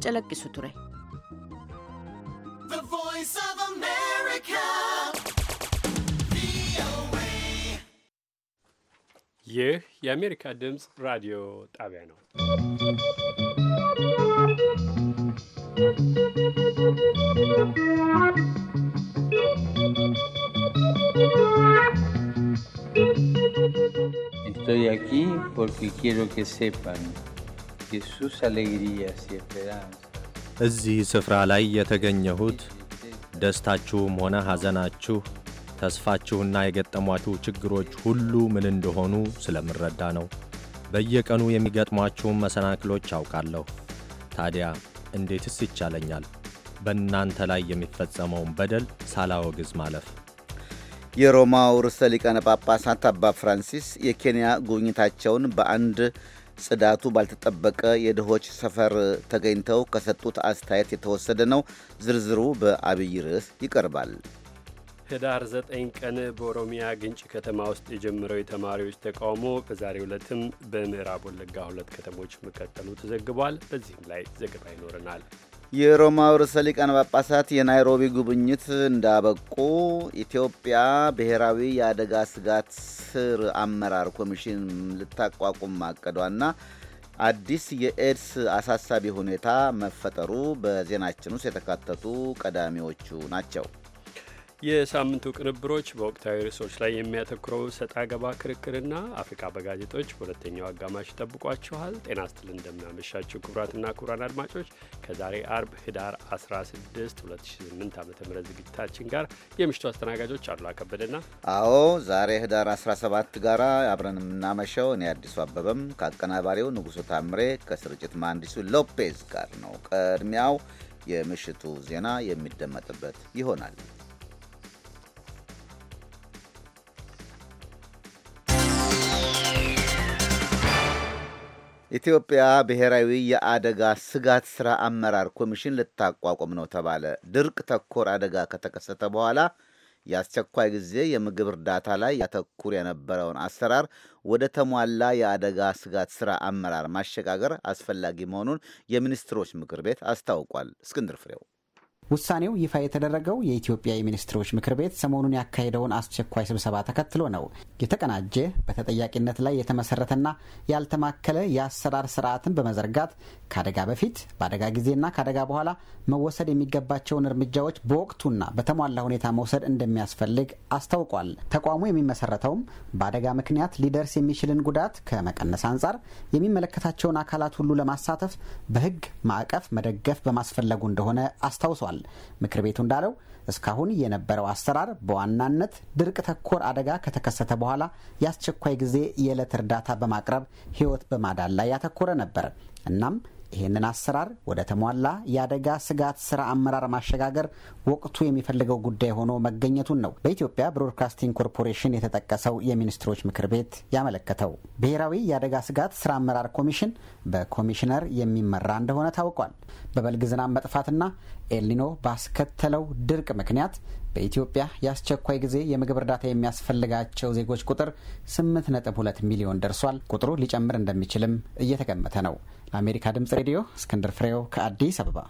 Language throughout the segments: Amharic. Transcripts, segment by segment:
Chalak Kisuture. Yo y América DEMS Radio Taviano, Estoy aquí porque quiero que sepan እዚህ ስፍራ ላይ የተገኘሁት ደስታችሁም ሆነ ሐዘናችሁ ተስፋችሁና የገጠሟችሁ ችግሮች ሁሉ ምን እንደሆኑ ስለምረዳ ነው። በየቀኑ የሚገጥሟችሁን መሰናክሎች አውቃለሁ። ታዲያ እንዴትስ ይቻለኛል በእናንተ ላይ የሚፈጸመውን በደል ሳላወግዝ ማለፍ? የሮማው ርዕሰ ሊቃነ ጳጳሳት አባ ፍራንሲስ የኬንያ ጉብኝታቸውን በአንድ ጽዳቱ ባልተጠበቀ የድሆች ሰፈር ተገኝተው ከሰጡት አስተያየት የተወሰደ ነው። ዝርዝሩ በአብይ ርዕስ ይቀርባል። ህዳር 9 ቀን በኦሮሚያ ግንጭ ከተማ ውስጥ የጀመረው የተማሪዎች ተቃውሞ በዛሬው ዕለትም በምዕራብ ወለጋ ሁለት ከተሞች መቀጠሉ ተዘግቧል። በዚህም ላይ ዘገባ ይኖረናል። የሮማው ርዕሰ ሊቃነ ጳጳሳት የናይሮቢ ጉብኝት እንዳበቁ ኢትዮጵያ ብሔራዊ የአደጋ ስጋት ስር አመራር ኮሚሽን ልታቋቁም ማቀዷና አዲስ የኤድስ አሳሳቢ ሁኔታ መፈጠሩ በዜናችን ውስጥ የተካተቱ ቀዳሚዎቹ ናቸው። የሳምንቱ ቅንብሮች በወቅታዊ ርዕሶች ላይ የሚያተኩረው ሰጣ ገባ ክርክርና አፍሪካ በጋዜጦች ሁለተኛው አጋማሽ ይጠብቋችኋል። ጤና ስትል እንደምናመሻችው ክቡራትና ክቡራን አድማጮች ከዛሬ አርብ ህዳር 16 2008 ዓ ም ዝግጅታችን ጋር የምሽቱ አስተናጋጆች አሉ አከበደና አዎ፣ ዛሬ ህዳር 17 ጋር አብረን የምናመሸው እኔ አዲሱ አበበም ከአቀናባሪው ንጉሶ ታምሬ ከስርጭት መሐንዲሱ ሎፔዝ ጋር ነው። ቅድሚያው የምሽቱ ዜና የሚደመጥበት ይሆናል። ኢትዮጵያ ብሔራዊ የአደጋ ስጋት ስራ አመራር ኮሚሽን ልታቋቁም ነው ተባለ። ድርቅ ተኮር አደጋ ከተከሰተ በኋላ የአስቸኳይ ጊዜ የምግብ እርዳታ ላይ ያተኩር የነበረውን አሰራር ወደ ተሟላ የአደጋ ስጋት ስራ አመራር ማሸጋገር አስፈላጊ መሆኑን የሚኒስትሮች ምክር ቤት አስታውቋል። እስክንድር ፍሬው ውሳኔው ይፋ የተደረገው የኢትዮጵያ የሚኒስትሮች ምክር ቤት ሰሞኑን ያካሄደውን አስቸኳይ ስብሰባ ተከትሎ ነው። የተቀናጀ በተጠያቂነት ላይ የተመሰረተና ያልተማከለ የአሰራር ስርዓትን በመዘርጋት ከአደጋ በፊት በአደጋ ጊዜና ከአደጋ በኋላ መወሰድ የሚገባቸውን እርምጃዎች በወቅቱና በተሟላ ሁኔታ መውሰድ እንደሚያስፈልግ አስታውቋል። ተቋሙ የሚመሰረተውም በአደጋ ምክንያት ሊደርስ የሚችልን ጉዳት ከመቀነስ አንጻር የሚመለከታቸውን አካላት ሁሉ ለማሳተፍ በሕግ ማዕቀፍ መደገፍ በማስፈለጉ እንደሆነ አስታውሷል። ምክር ቤቱ እንዳለው እስካሁን የነበረው አሰራር በዋናነት ድርቅ ተኮር አደጋ ከተከሰተ በኋላ የአስቸኳይ ጊዜ የዕለት እርዳታ በማቅረብ ሕይወት በማዳን ላይ ያተኮረ ነበር። እናም ይህንን አሰራር ወደ ተሟላ የአደጋ ስጋት ስራ አመራር ማሸጋገር ወቅቱ የሚፈልገው ጉዳይ ሆኖ መገኘቱን ነው በኢትዮጵያ ብሮድካስቲንግ ኮርፖሬሽን የተጠቀሰው የሚኒስትሮች ምክር ቤት ያመለከተው። ብሔራዊ የአደጋ ስጋት ስራ አመራር ኮሚሽን በኮሚሽነር የሚመራ እንደሆነ ታውቋል። በበልግ ዝናብ መጥፋትና ኤልኒኖ ባስከተለው ድርቅ ምክንያት በኢትዮጵያ የአስቸኳይ ጊዜ የምግብ እርዳታ የሚያስፈልጋቸው ዜጎች ቁጥር 8.2 ሚሊዮን ደርሷል። ቁጥሩ ሊጨምር እንደሚችልም እየተገመተ ነው። ለአሜሪካ ድምጽ ሬዲዮ እስክንድር ፍሬው ከአዲስ አበባ።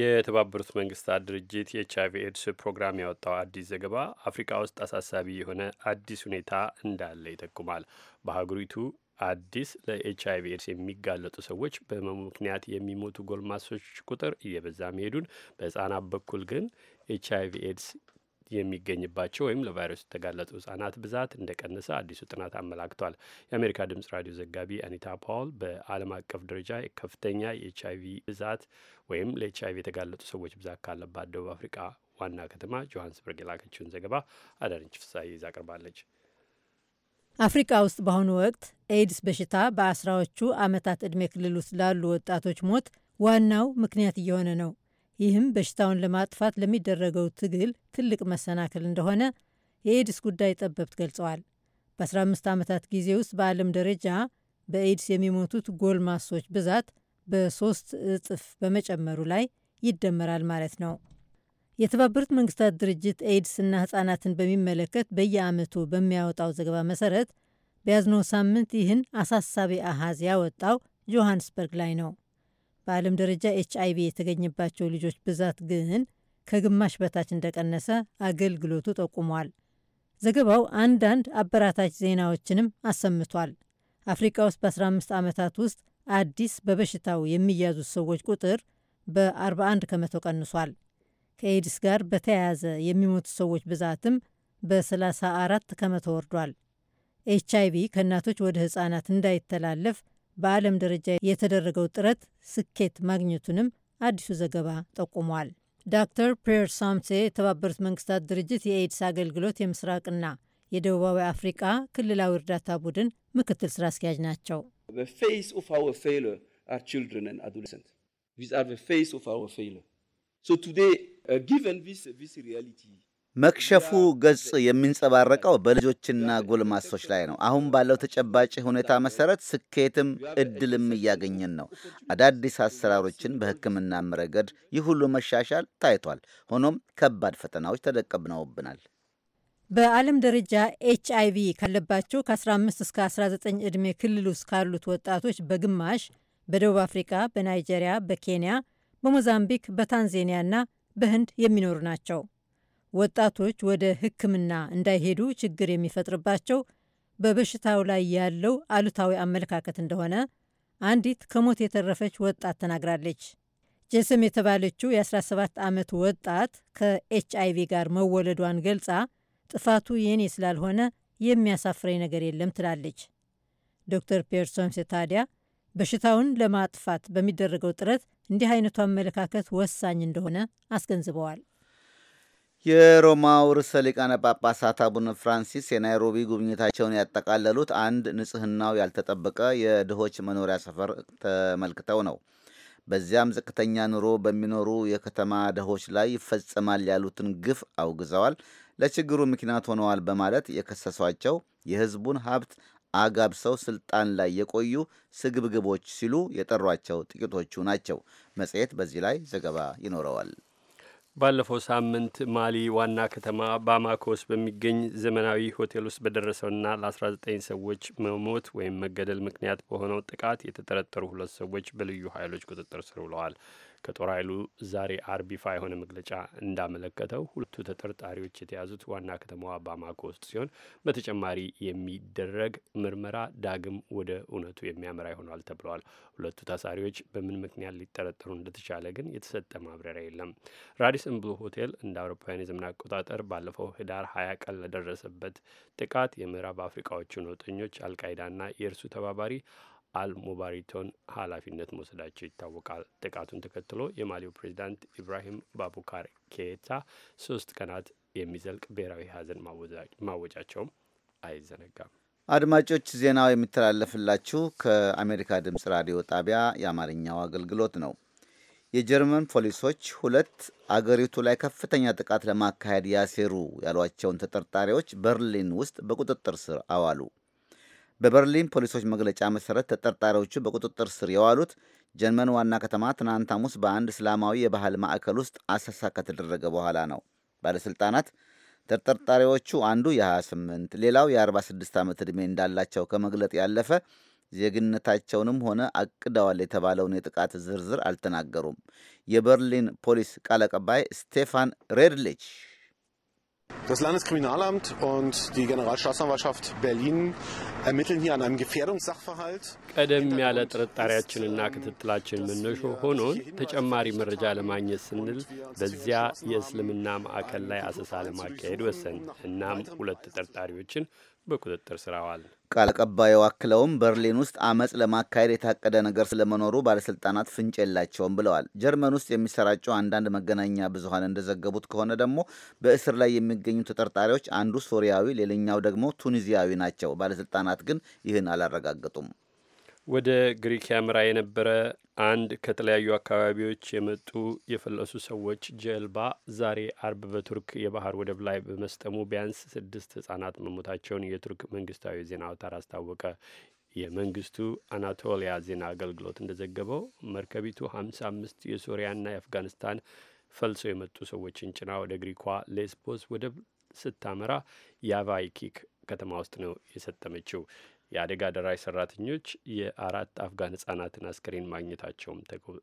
የተባበሩት መንግስታት ድርጅት የኤች አይቪ ኤድስ ፕሮግራም ያወጣው አዲስ ዘገባ አፍሪካ ውስጥ አሳሳቢ የሆነ አዲስ ሁኔታ እንዳለ ይጠቁማል። በሀገሪቱ አዲስ ለኤች አይቪ ኤድስ የሚጋለጡ ሰዎች በህመሙ ምክንያት የሚሞቱ ጎልማሶች ቁጥር እየበዛ መሄዱን፣ በህጻናት በኩል ግን ኤች አይቪ ኤድስ የሚገኝባቸው ወይም ለቫይረሱ የተጋለጡ ህጻናት ብዛት እንደቀነሰ አዲሱ ጥናት አመላክቷል። የአሜሪካ ድምጽ ራዲዮ ዘጋቢ አኒታ ፓውል በዓለም አቀፍ ደረጃ ከፍተኛ የኤች አይቪ ብዛት ወይም ለኤች አይቪ የተጋለጡ ሰዎች ብዛት ካለባት ደቡብ አፍሪካ ዋና ከተማ ጆሀንስበርግ የላከችውን ዘገባ አዳነች ፍሳዬ ይዛ ቀርባለች። አፍሪካ ውስጥ በአሁኑ ወቅት ኤድስ በሽታ በአስራዎቹ ዓመታት ዕድሜ ክልል ውስጥ ላሉ ወጣቶች ሞት ዋናው ምክንያት እየሆነ ነው። ይህም በሽታውን ለማጥፋት ለሚደረገው ትግል ትልቅ መሰናክል እንደሆነ የኤድስ ጉዳይ ጠበብት ገልጸዋል። በ15 ዓመታት ጊዜ ውስጥ በዓለም ደረጃ በኤድስ የሚሞቱት ጎልማሶች ብዛት በሶስት እጥፍ በመጨመሩ ላይ ይደመራል ማለት ነው። የተባበሩት መንግስታት ድርጅት ኤድስና ህጻናትን በሚመለከት በየዓመቱ በሚያወጣው ዘገባ መሰረት በያዝነው ሳምንት ይህን አሳሳቢ አሃዝ ያወጣው ጆሃንስበርግ ላይ ነው። በዓለም ደረጃ ኤች አይቪ የተገኘባቸው ልጆች ብዛት ግን ከግማሽ በታች እንደቀነሰ አገልግሎቱ ጠቁሟል። ዘገባው አንዳንድ አበራታች ዜናዎችንም አሰምቷል። አፍሪካ ውስጥ በ15 ዓመታት ውስጥ አዲስ በበሽታው የሚያዙት ሰዎች ቁጥር በ41 ከመቶ ቀንሷል። ከኤድስ ጋር በተያያዘ የሚሞቱ ሰዎች ብዛትም በ34 ከመቶ ወርዷል። ኤች አይቪ ከእናቶች ወደ ሕፃናት እንዳይተላለፍ በዓለም ደረጃ የተደረገው ጥረት ስኬት ማግኘቱንም አዲሱ ዘገባ ጠቁሟል። ዶክተር ፒየር ሳምሴ የተባበሩት መንግስታት ድርጅት የኤድስ አገልግሎት የምስራቅና የደቡባዊ አፍሪቃ ክልላዊ እርዳታ ቡድን ምክትል ስራ አስኪያጅ ናቸው። Uh, መክሸፉ ገጽ የሚንጸባረቀው በልጆችና ጎልማሶች ላይ ነው። አሁን ባለው ተጨባጭ ሁኔታ መሰረት ስኬትም እድልም እያገኘን ነው። አዳዲስ አሰራሮችን በሕክምናም ረገድ ይህ ሁሉ መሻሻል ታይቷል። ሆኖም ከባድ ፈተናዎች ተደቀብነውብናል። በዓለም ደረጃ ኤች አይ ቪ ካለባቸው ከ15 እስከ 19 ዕድሜ ክልል ውስጥ ካሉት ወጣቶች በግማሽ በደቡብ አፍሪካ፣ በናይጄሪያ፣ በኬንያ፣ በሞዛምቢክ፣ በታንዜኒያና በህንድ የሚኖሩ ናቸው። ወጣቶች ወደ ሕክምና እንዳይሄዱ ችግር የሚፈጥርባቸው በበሽታው ላይ ያለው አሉታዊ አመለካከት እንደሆነ አንዲት ከሞት የተረፈች ወጣት ተናግራለች። ጀስም የተባለችው የ17 ዓመት ወጣት ከኤች አይቪ ጋር መወለዷን ገልጻ ጥፋቱ የኔ ስላልሆነ የሚያሳፍረኝ ነገር የለም ትላለች። ዶክተር ፔርሶንስ ታዲያ በሽታውን ለማጥፋት በሚደረገው ጥረት እንዲህ አይነቱ አመለካከት ወሳኝ እንደሆነ አስገንዝበዋል። የሮማው ርዕሰ ሊቃነ ጳጳሳት አቡነ ፍራንሲስ የናይሮቢ ጉብኝታቸውን ያጠቃለሉት አንድ ንጽህናው ያልተጠበቀ የድሆች መኖሪያ ሰፈር ተመልክተው ነው። በዚያም ዝቅተኛ ኑሮ በሚኖሩ የከተማ ደሆች ላይ ይፈጸማል ያሉትን ግፍ አውግዘዋል። ለችግሩ ምክንያት ሆነዋል በማለት የከሰሷቸው የህዝቡን ሀብት አጋብሰው ስልጣን ላይ የቆዩ ስግብግቦች ሲሉ የጠሯቸው ጥቂቶቹ ናቸው። መጽሔት በዚህ ላይ ዘገባ ይኖረዋል። ባለፈው ሳምንት ማሊ ዋና ከተማ ባማኮ ውስጥ በሚገኝ ዘመናዊ ሆቴል ውስጥ በደረሰውና ለ19 ሰዎች መሞት ወይም መገደል ምክንያት በሆነው ጥቃት የተጠረጠሩ ሁለት ሰዎች በልዩ ኃይሎች ቁጥጥር ስር ውለዋል። ከጦር ኃይሉ ዛሬ አርብ ይፋ የሆነ መግለጫ እንዳመለከተው ሁለቱ ተጠርጣሪዎች የተያዙት ዋና ከተማዋ ባማኮ ውስጥ ሲሆን በተጨማሪ የሚደረግ ምርመራ ዳግም ወደ እውነቱ የሚያመራ ይሆናል ተብለዋል። ሁለቱ ታሳሪዎች በምን ምክንያት ሊጠረጠሩ እንደተቻለ ግን የተሰጠ ማብራሪያ የለም። ራዲሰን ብሉ ሆቴል እንደ አውሮፓውያን የዘመን አቆጣጠር ባለፈው ህዳር ሀያ ቀን ለደረሰበት ጥቃት የምዕራብ አፍሪካዎቹ ነውጠኞች አልቃይዳና የእርሱ ተባባሪ አልሙባሪቶን ኃላፊነት መውሰዳቸው ይታወቃል። ጥቃቱን ተከትሎ የማሊው ፕሬዚዳንት ኢብራሂም ባቡካር ኬታ ሶስት ቀናት የሚዘልቅ ብሔራዊ ሀዘን ማወጫቸውም አይዘነጋም። አድማጮች፣ ዜናው የሚተላለፍላችሁ ከአሜሪካ ድምፅ ራዲዮ ጣቢያ የአማርኛው አገልግሎት ነው። የጀርመን ፖሊሶች ሁለት አገሪቱ ላይ ከፍተኛ ጥቃት ለማካሄድ ያሴሩ ያሏቸውን ተጠርጣሪዎች በርሊን ውስጥ በቁጥጥር ስር አዋሉ። በበርሊን ፖሊሶች መግለጫ መሰረት ተጠርጣሪዎቹ በቁጥጥር ስር የዋሉት ጀርመን ዋና ከተማ ትናንት ሐሙስ በአንድ እስላማዊ የባህል ማዕከል ውስጥ አሰሳ ከተደረገ በኋላ ነው። ባለሥልጣናት ተጠርጣሪዎቹ አንዱ የ28 ሌላው የ46 ዓመት ዕድሜ እንዳላቸው ከመግለጥ ያለፈ ዜግነታቸውንም ሆነ አቅደዋል የተባለውን የጥቃት ዝርዝር አልተናገሩም። የበርሊን ፖሊስ ቃል አቀባይ ስቴፋን ሬድሊች Das Landeskriminalamt und die Generalstaatsanwaltschaft Berlin ermitteln hier an einem Gefährdungssachverhalt. ቀደም ያለ ጥርጣሬያችንና ክትትላችን መነሾ ሆኖን ተጨማሪ መረጃ ለማግኘት ስንል በዚያ የእስልምና ማዕከል ላይ አሰሳ ለማካሄድ ወሰን። እናም ሁለት ተጠርጣሪዎችን በቁጥጥር ስር አዋል። ቃል አቀባዩ አክለውም በርሊን ውስጥ አመፅ ለማካሄድ የታቀደ ነገር ስለመኖሩ ባለስልጣናት ፍንጭ የላቸውም ብለዋል። ጀርመን ውስጥ የሚሰራጨው አንዳንድ መገናኛ ብዙኃን እንደዘገቡት ከሆነ ደግሞ በእስር ላይ የሚገኙ ተጠርጣሪዎች አንዱ ሶሪያዊ፣ ሌላኛው ደግሞ ቱኒዚያዊ ናቸው። ባለስልጣናት ግን ይህን አላረጋገጡም። ወደ ግሪክ ያምራ የነበረ አንድ ከተለያዩ አካባቢዎች የመጡ የፈለሱ ሰዎች ጀልባ ዛሬ አርብ በቱርክ የባህር ወደብ ላይ በመስጠሙ ቢያንስ ስድስት ህጻናት መሞታቸውን የቱርክ መንግስታዊ ዜና አውታር አስታወቀ። የመንግስቱ አናቶሊያ ዜና አገልግሎት እንደዘገበው መርከቢቱ 55 የሶሪያና የአፍጋኒስታን ፈልሰው የመጡ ሰዎችን ጭና ወደ ግሪኳ ሌስቦስ ወደብ ስታመራ የአቫይኪክ ከተማ ውስጥ ነው የሰጠመችው። የአደጋ ደራሽ ሰራተኞች የአራት አፍጋን ህጻናትን አስክሬን ማግኘታቸውም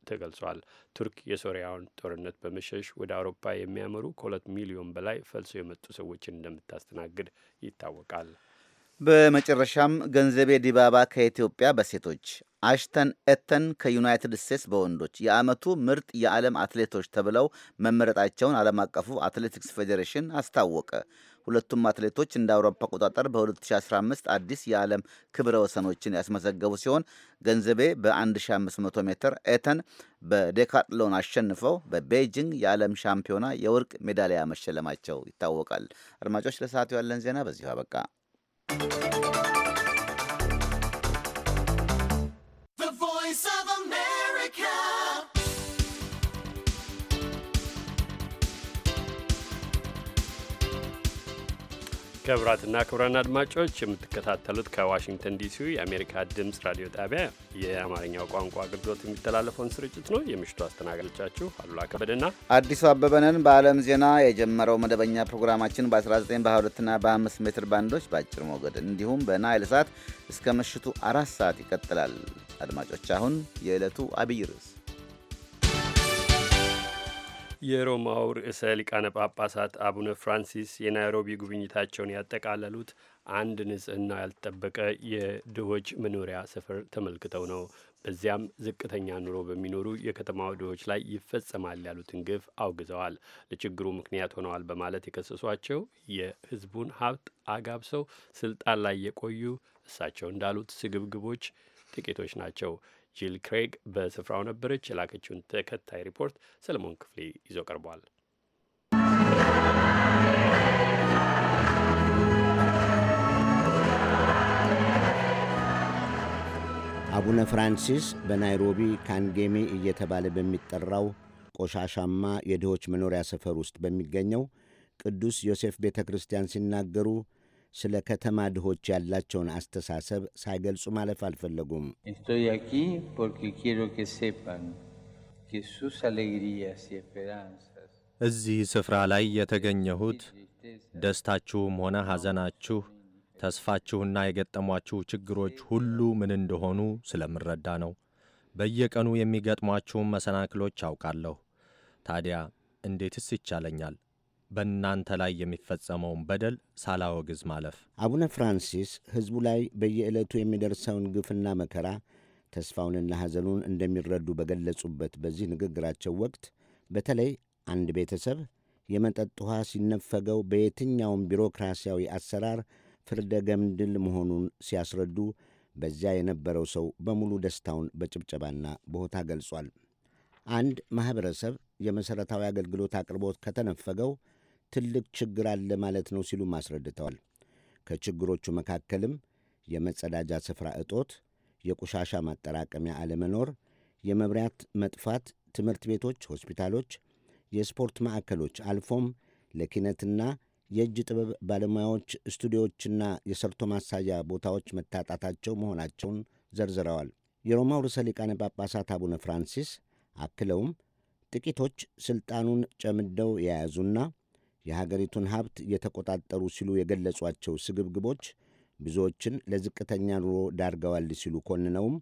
ተገልጿል። ቱርክ የሶሪያውን ጦርነት በመሸሽ ወደ አውሮፓ የሚያመሩ ከሁለት ሚሊዮን በላይ ፈልሶ የመጡ ሰዎችን እንደምታስተናግድ ይታወቃል። በመጨረሻም ገንዘቤ ዲባባ ከኢትዮጵያ በሴቶች አሽተን ኤተን ከዩናይትድ ስቴትስ በወንዶች የዓመቱ ምርጥ የዓለም አትሌቶች ተብለው መመረጣቸውን ዓለም አቀፉ አትሌቲክስ ፌዴሬሽን አስታወቀ። ሁለቱም አትሌቶች እንደ አውሮፓ አቆጣጠር በ2015 አዲስ የዓለም ክብረ ወሰኖችን ያስመዘገቡ ሲሆን ገንዘቤ በ1500 ሜትር፣ ኤተን በዴካትሎን አሸንፈው በቤይጂንግ የዓለም ሻምፒዮና የወርቅ ሜዳሊያ መሸለማቸው ይታወቃል። አድማጮች፣ ለሰዓቱ ያለን ዜና በዚሁ አበቃ። ክቡራትና ክቡራን አድማጮች የምትከታተሉት ከዋሽንግተን ዲሲ የአሜሪካ ድምፅ ራዲዮ ጣቢያ የአማርኛው ቋንቋ አገልግሎት የሚተላለፈውን ስርጭት ነው። የምሽቱ አስተናጋጆቻችሁ አሉላ ከበደና አዲሱ አበበንን በዓለም ዜና የጀመረው መደበኛ ፕሮግራማችን በ19 በ22ና በ5 ሜትር ባንዶች በአጭር ሞገድ እንዲሁም በናይል ሰዓት እስከ ምሽቱ አራት ሰዓት ይቀጥላል። አድማጮች አሁን የዕለቱ አብይ ርዕስ የሮማው ርዕሰ ሊቃነ ጳጳሳት አቡነ ፍራንሲስ የናይሮቢ ጉብኝታቸውን ያጠቃለሉት አንድ ንጽህና ያልተጠበቀ የድሆች መኖሪያ ሰፈር ተመልክተው ነው። በዚያም ዝቅተኛ ኑሮ በሚኖሩ የከተማው ድሆች ላይ ይፈጸማል ያሉትን ግፍ አውግዘዋል። ለችግሩ ምክንያት ሆነዋል በማለት የከሰሷቸው የህዝቡን ሀብት አጋብሰው ስልጣን ላይ የቆዩ እሳቸው እንዳሉት ስግብግቦች ጥቂቶች ናቸው። ጂል ክሬግ በስፍራው ነበረች። የላከችውን ተከታይ ሪፖርት ሰለሞን ክፍሌ ይዞ ቀርቧል። አቡነ ፍራንሲስ በናይሮቢ ካንጌሜ እየተባለ በሚጠራው ቆሻሻማ የድሆች መኖሪያ ሰፈር ውስጥ በሚገኘው ቅዱስ ዮሴፍ ቤተ ክርስቲያን ሲናገሩ ስለ ከተማ ድሆች ያላቸውን አስተሳሰብ ሳይገልጹ ማለፍ አልፈለጉም። እዚህ ስፍራ ላይ የተገኘሁት ደስታችሁም ሆነ ሐዘናችሁ፣ ተስፋችሁና የገጠሟችሁ ችግሮች ሁሉ ምን እንደሆኑ ስለምረዳ ነው። በየቀኑ የሚገጥሟችሁን መሰናክሎች አውቃለሁ። ታዲያ እንዴትስ ይቻለኛል በእናንተ ላይ የሚፈጸመውን በደል ሳላወግዝ ማለፍ። አቡነ ፍራንሲስ ሕዝቡ ላይ በየዕለቱ የሚደርሰውን ግፍና መከራ ተስፋውንና ሐዘኑን እንደሚረዱ በገለጹበት በዚህ ንግግራቸው ወቅት በተለይ አንድ ቤተሰብ የመጠጥ ውሃ ሲነፈገው በየትኛውም ቢሮክራሲያዊ አሰራር ፍርደ ገምድል መሆኑን ሲያስረዱ በዚያ የነበረው ሰው በሙሉ ደስታውን በጭብጨባና በሆታ ገልጿል። አንድ ማኅበረሰብ የመሠረታዊ አገልግሎት አቅርቦት ከተነፈገው ትልቅ ችግር አለ ማለት ነው ሲሉም አስረድተዋል። ከችግሮቹ መካከልም የመጸዳጃ ስፍራ እጦት፣ የቆሻሻ ማጠራቀሚያ አለመኖር፣ የመብራት መጥፋት፣ ትምህርት ቤቶች፣ ሆስፒታሎች፣ የስፖርት ማዕከሎች አልፎም ለኪነትና የእጅ ጥበብ ባለሙያዎች ስቱዲዮዎችና የሰርቶ ማሳያ ቦታዎች መታጣታቸው መሆናቸውን ዘርዝረዋል። የሮማው ርዕሰ ሊቃነ ጳጳሳት አቡነ ፍራንሲስ አክለውም ጥቂቶች ሥልጣኑን ጨምደው የያዙና የሀገሪቱን ሀብት እየተቆጣጠሩ ሲሉ የገለጿቸው ስግብግቦች ብዙዎችን ለዝቅተኛ ኑሮ ዳርገዋል ሲሉ ኮንነውም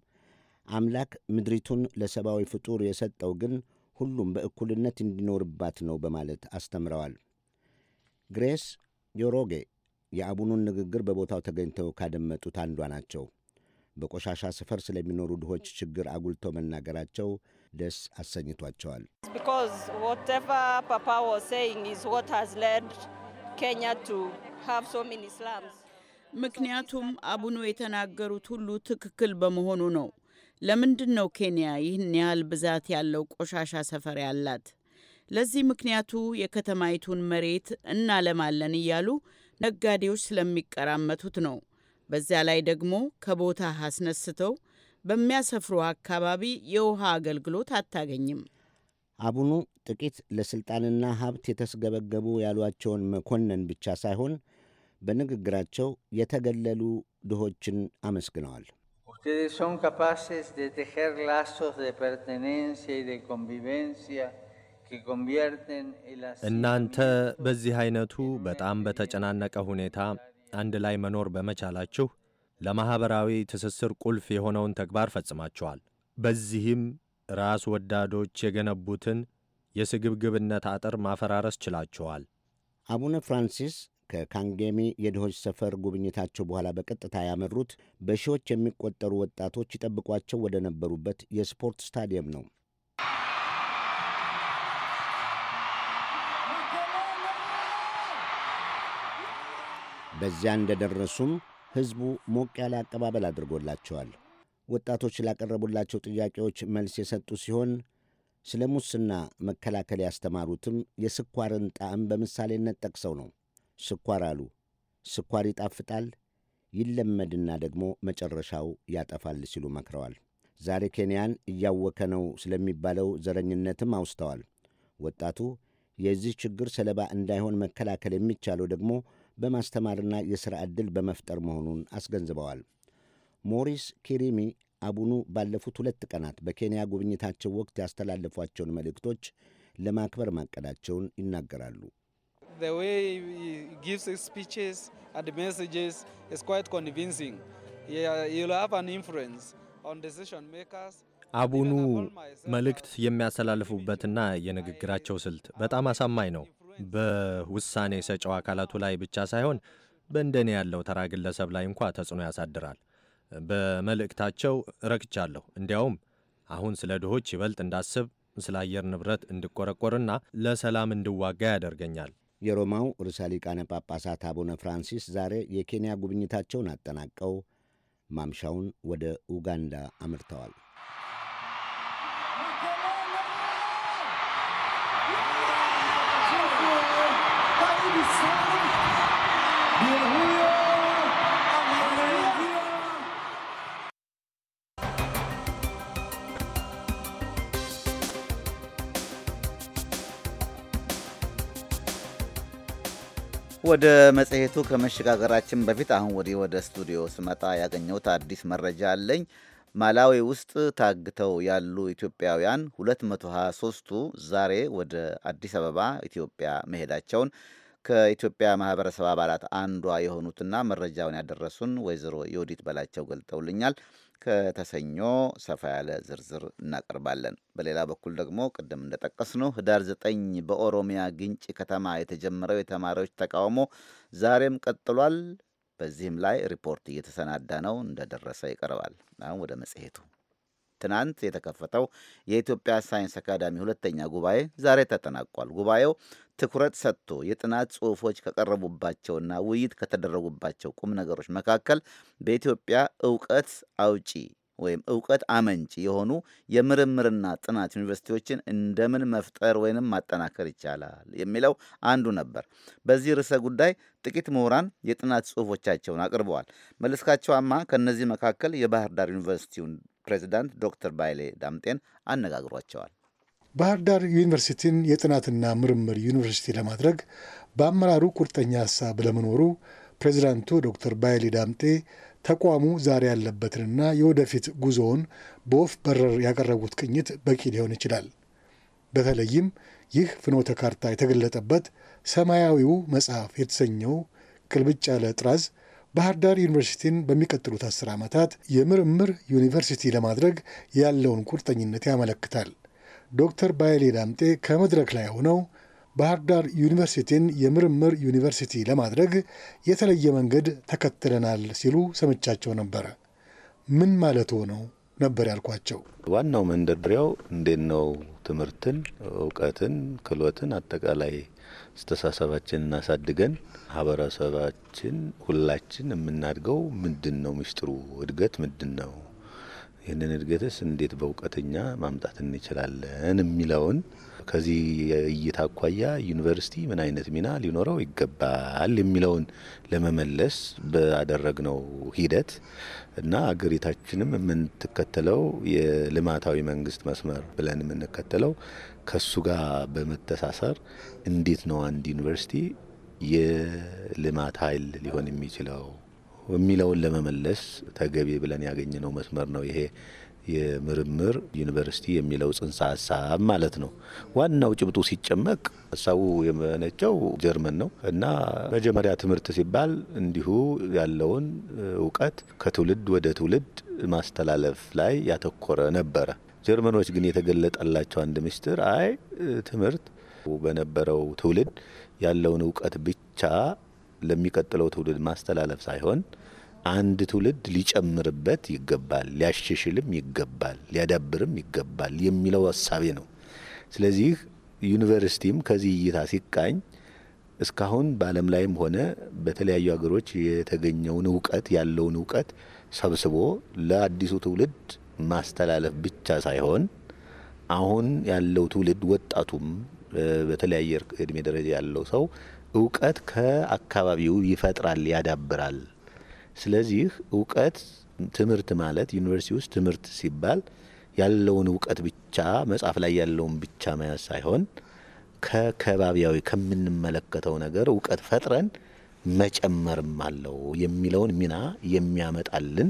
አምላክ ምድሪቱን ለሰብአዊ ፍጡር የሰጠው ግን ሁሉም በእኩልነት እንዲኖርባት ነው በማለት አስተምረዋል። ግሬስ ዮሮጌ የአቡኑን ንግግር በቦታው ተገኝተው ካደመጡት አንዷ ናቸው። በቆሻሻ ሰፈር ስለሚኖሩ ድሆች ችግር አጉልተው መናገራቸው ደስ አሰኝቷቸዋል። ምክንያቱም አቡኑ የተናገሩት ሁሉ ትክክል በመሆኑ ነው። ለምንድን ነው ኬንያ ይህን ያህል ብዛት ያለው ቆሻሻ ሰፈር ያላት? ለዚህ ምክንያቱ የከተማይቱን መሬት እናለማለን እያሉ ነጋዴዎች ስለሚቀራመቱት ነው። በዚያ ላይ ደግሞ ከቦታ አስነስተው በሚያሰፍሩ አካባቢ የውሃ አገልግሎት አታገኝም። አቡኑ ጥቂት ለሥልጣንና ሀብት የተስገበገቡ ያሏቸውን መኮንን ብቻ ሳይሆን በንግግራቸው የተገለሉ ድሆችን አመስግነዋል። እናንተ በዚህ አይነቱ በጣም በተጨናነቀ ሁኔታ አንድ ላይ መኖር በመቻላችሁ ለማኅበራዊ ትስስር ቁልፍ የሆነውን ተግባር ፈጽማቸዋል። በዚህም ራስ ወዳዶች የገነቡትን የስግብግብነት አጥር ማፈራረስ ችላቸዋል። አቡነ ፍራንሲስ ከካንጌሚ የድሆች ሰፈር ጉብኝታቸው በኋላ በቀጥታ ያመሩት በሺዎች የሚቆጠሩ ወጣቶች ይጠብቋቸው ወደ ነበሩበት የስፖርት ስታዲየም ነው። በዚያ እንደደረሱም ሕዝቡ ሞቅ ያለ አቀባበል አድርጎላቸዋል። ወጣቶች ላቀረቡላቸው ጥያቄዎች መልስ የሰጡ ሲሆን ስለ ሙስና መከላከል ያስተማሩትም የስኳርን ጣዕም በምሳሌነት ጠቅሰው ነው። ስኳር አሉ፣ ስኳር ይጣፍጣል፣ ይለመድና ደግሞ መጨረሻው ያጠፋል ሲሉ መክረዋል። ዛሬ ኬንያን እያወከ ነው ስለሚባለው ዘረኝነትም አውስተዋል። ወጣቱ የዚህ ችግር ሰለባ እንዳይሆን መከላከል የሚቻለው ደግሞ በማስተማርና የሥራ ዕድል በመፍጠር መሆኑን አስገንዝበዋል። ሞሪስ ኪሪሚ አቡኑ ባለፉት ሁለት ቀናት በኬንያ ጉብኝታቸው ወቅት ያስተላለፏቸውን መልእክቶች ለማክበር ማቀዳቸውን ይናገራሉ። አቡኑ መልእክት የሚያስተላልፉበትና የንግግራቸው ስልት በጣም አሳማኝ ነው። በውሳኔ ሰጪው አካላቱ ላይ ብቻ ሳይሆን በእንደኔ ያለው ተራ ግለሰብ ላይ እንኳ ተጽዕኖ ያሳድራል። በመልእክታቸው ረክቻለሁ። እንዲያውም አሁን ስለ ድሆች ይበልጥ እንዳስብ፣ ስለ አየር ንብረት እንድቆረቆርና ለሰላም እንድዋጋ ያደርገኛል። የሮማው ርዕሰ ሊቃነ ጳጳሳት አቡነ ፍራንሲስ ዛሬ የኬንያ ጉብኝታቸውን አጠናቀው ማምሻውን ወደ ኡጋንዳ አምርተዋል። ወደ መጽሔቱ ከመሸጋገራችን በፊት አሁን ወዲህ ወደ ስቱዲዮ ስመጣ ያገኘሁት አዲስ መረጃ አለኝ። ማላዊ ውስጥ ታግተው ያሉ ኢትዮጵያውያን 223ቱ ዛሬ ወደ አዲስ አበባ ኢትዮጵያ መሄዳቸውን ከኢትዮጵያ ማህበረሰብ አባላት አንዷ የሆኑትና መረጃውን ያደረሱን ወይዘሮ የወዲት በላቸው ገልጠውልኛል። ከተሰኞ ሰፋ ያለ ዝርዝር እናቀርባለን። በሌላ በኩል ደግሞ ቅድም እንደጠቀስነው ህዳር ዘጠኝ በኦሮሚያ ግንጭ ከተማ የተጀመረው የተማሪዎች ተቃውሞ ዛሬም ቀጥሏል። በዚህም ላይ ሪፖርት እየተሰናዳ ነው፣ እንደደረሰ ይቀርባል። አሁን ወደ መጽሔቱ ትናንት የተከፈተው የኢትዮጵያ ሳይንስ አካዳሚ ሁለተኛ ጉባኤ ዛሬ ተጠናቋል። ጉባኤው ትኩረት ሰጥቶ የጥናት ጽሑፎች ከቀረቡባቸውና ውይይት ከተደረጉባቸው ቁም ነገሮች መካከል በኢትዮጵያ እውቀት አውጪ ወይም እውቀት አመንጭ የሆኑ የምርምርና ጥናት ዩኒቨርሲቲዎችን እንደምን መፍጠር ወይንም ማጠናከር ይቻላል የሚለው አንዱ ነበር። በዚህ ርዕሰ ጉዳይ ጥቂት ምሁራን የጥናት ጽሑፎቻቸውን አቅርበዋል። መለስካቸዋማ ከእነዚህ መካከል የባህር ዳር ዩኒቨርሲቲውን ፕሬዚዳንት ዶክተር ባይሌ ዳምጤን አነጋግሯቸዋል። ባህር ዳር ዩኒቨርሲቲን የጥናትና ምርምር ዩኒቨርሲቲ ለማድረግ በአመራሩ ቁርጠኛ ሀሳብ ለመኖሩ ፕሬዚዳንቱ ዶክተር ባይሌ ዳምጤ ተቋሙ ዛሬ ያለበትንና የወደፊት ጉዞውን በወፍ በረር ያቀረቡት ቅኝት በቂ ሊሆን ይችላል። በተለይም ይህ ፍኖተ ካርታ የተገለጠበት ሰማያዊው መጽሐፍ የተሰኘው ቅልብጭ ያለ ጥራዝ ባህር ዳር ዩኒቨርሲቲን በሚቀጥሉት አስር ዓመታት የምርምር ዩኒቨርሲቲ ለማድረግ ያለውን ቁርጠኝነት ያመለክታል። ዶክተር ባይሌ ዳምጤ ከመድረክ ላይ ሆነው ባህር ዳር ዩኒቨርሲቲን የምርምር ዩኒቨርሲቲ ለማድረግ የተለየ መንገድ ተከትለናል ሲሉ ሰምቻቸው ነበረ። ምን ማለት ሆነው ነበር ያልኳቸው። ዋናው መንደርደሪያው እንዴት ነው ትምህርትን፣ እውቀትን፣ ክህሎትን አጠቃላይ አስተሳሰባችንን አሳድገን ማህበረሰባችን ሁላችን የምናድገው ምንድን ነው ምስጢሩ? እድገት ምንድን ነው? ይህንን እድገትስ እንዴት በእውቀትኛ ማምጣት እንችላለን የሚለውን ከዚህ እይታ አኳያ ዩኒቨርሲቲ ምን አይነት ሚና ሊኖረው ይገባል የሚለውን ለመመለስ ባደረግነው ሂደት እና አገሪታችንም የምንትከተለው የልማታዊ መንግስት መስመር ብለን የምንከተለው ከሱ ጋር በመተሳሰር እንዴት ነው አንድ ዩኒቨርሲቲ የልማት ኃይል ሊሆን የሚችለው የሚለውን ለመመለስ ተገቢ ብለን ያገኘነው መስመር ነው ይሄ የምርምር ዩኒቨርሲቲ የሚለው ጽንሰ ሀሳብ ማለት ነው። ዋናው ጭብጡ ሲጨመቅ ሀሳቡ የመነጨው ጀርመን ነው እና መጀመሪያ ትምህርት ሲባል እንዲሁ ያለውን እውቀት ከትውልድ ወደ ትውልድ ማስተላለፍ ላይ ያተኮረ ነበረ። ጀርመኖች ግን የተገለጠላቸው አንድ ምስጢር አይ ትምህርት በነበረው ትውልድ ያለውን እውቀት ብቻ ለሚቀጥለው ትውልድ ማስተላለፍ ሳይሆን አንድ ትውልድ ሊጨምርበት ይገባል፣ ሊያሻሽልም ይገባል፣ ሊያዳብርም ይገባል የሚለው ሀሳቤ ነው። ስለዚህ ዩኒቨርሲቲም ከዚህ እይታ ሲቃኝ እስካሁን በዓለም ላይም ሆነ በተለያዩ ሀገሮች የተገኘውን እውቀት ያለውን እውቀት ሰብስቦ ለአዲሱ ትውልድ ማስተላለፍ ብቻ ሳይሆን አሁን ያለው ትውልድ ወጣቱም በተለያየ እድሜ ደረጃ ያለው ሰው እውቀት ከአካባቢው ይፈጥራል፣ ያዳብራል። ስለዚህ እውቀት ትምህርት ማለት ዩኒቨርሲቲ ውስጥ ትምህርት ሲባል ያለውን እውቀት ብቻ መጽሐፍ ላይ ያለውን ብቻ መያዝ ሳይሆን ከከባቢያዊ ከምንመለከተው ነገር እውቀት ፈጥረን መጨመርም አለው የሚለውን ሚና የሚያመጣልን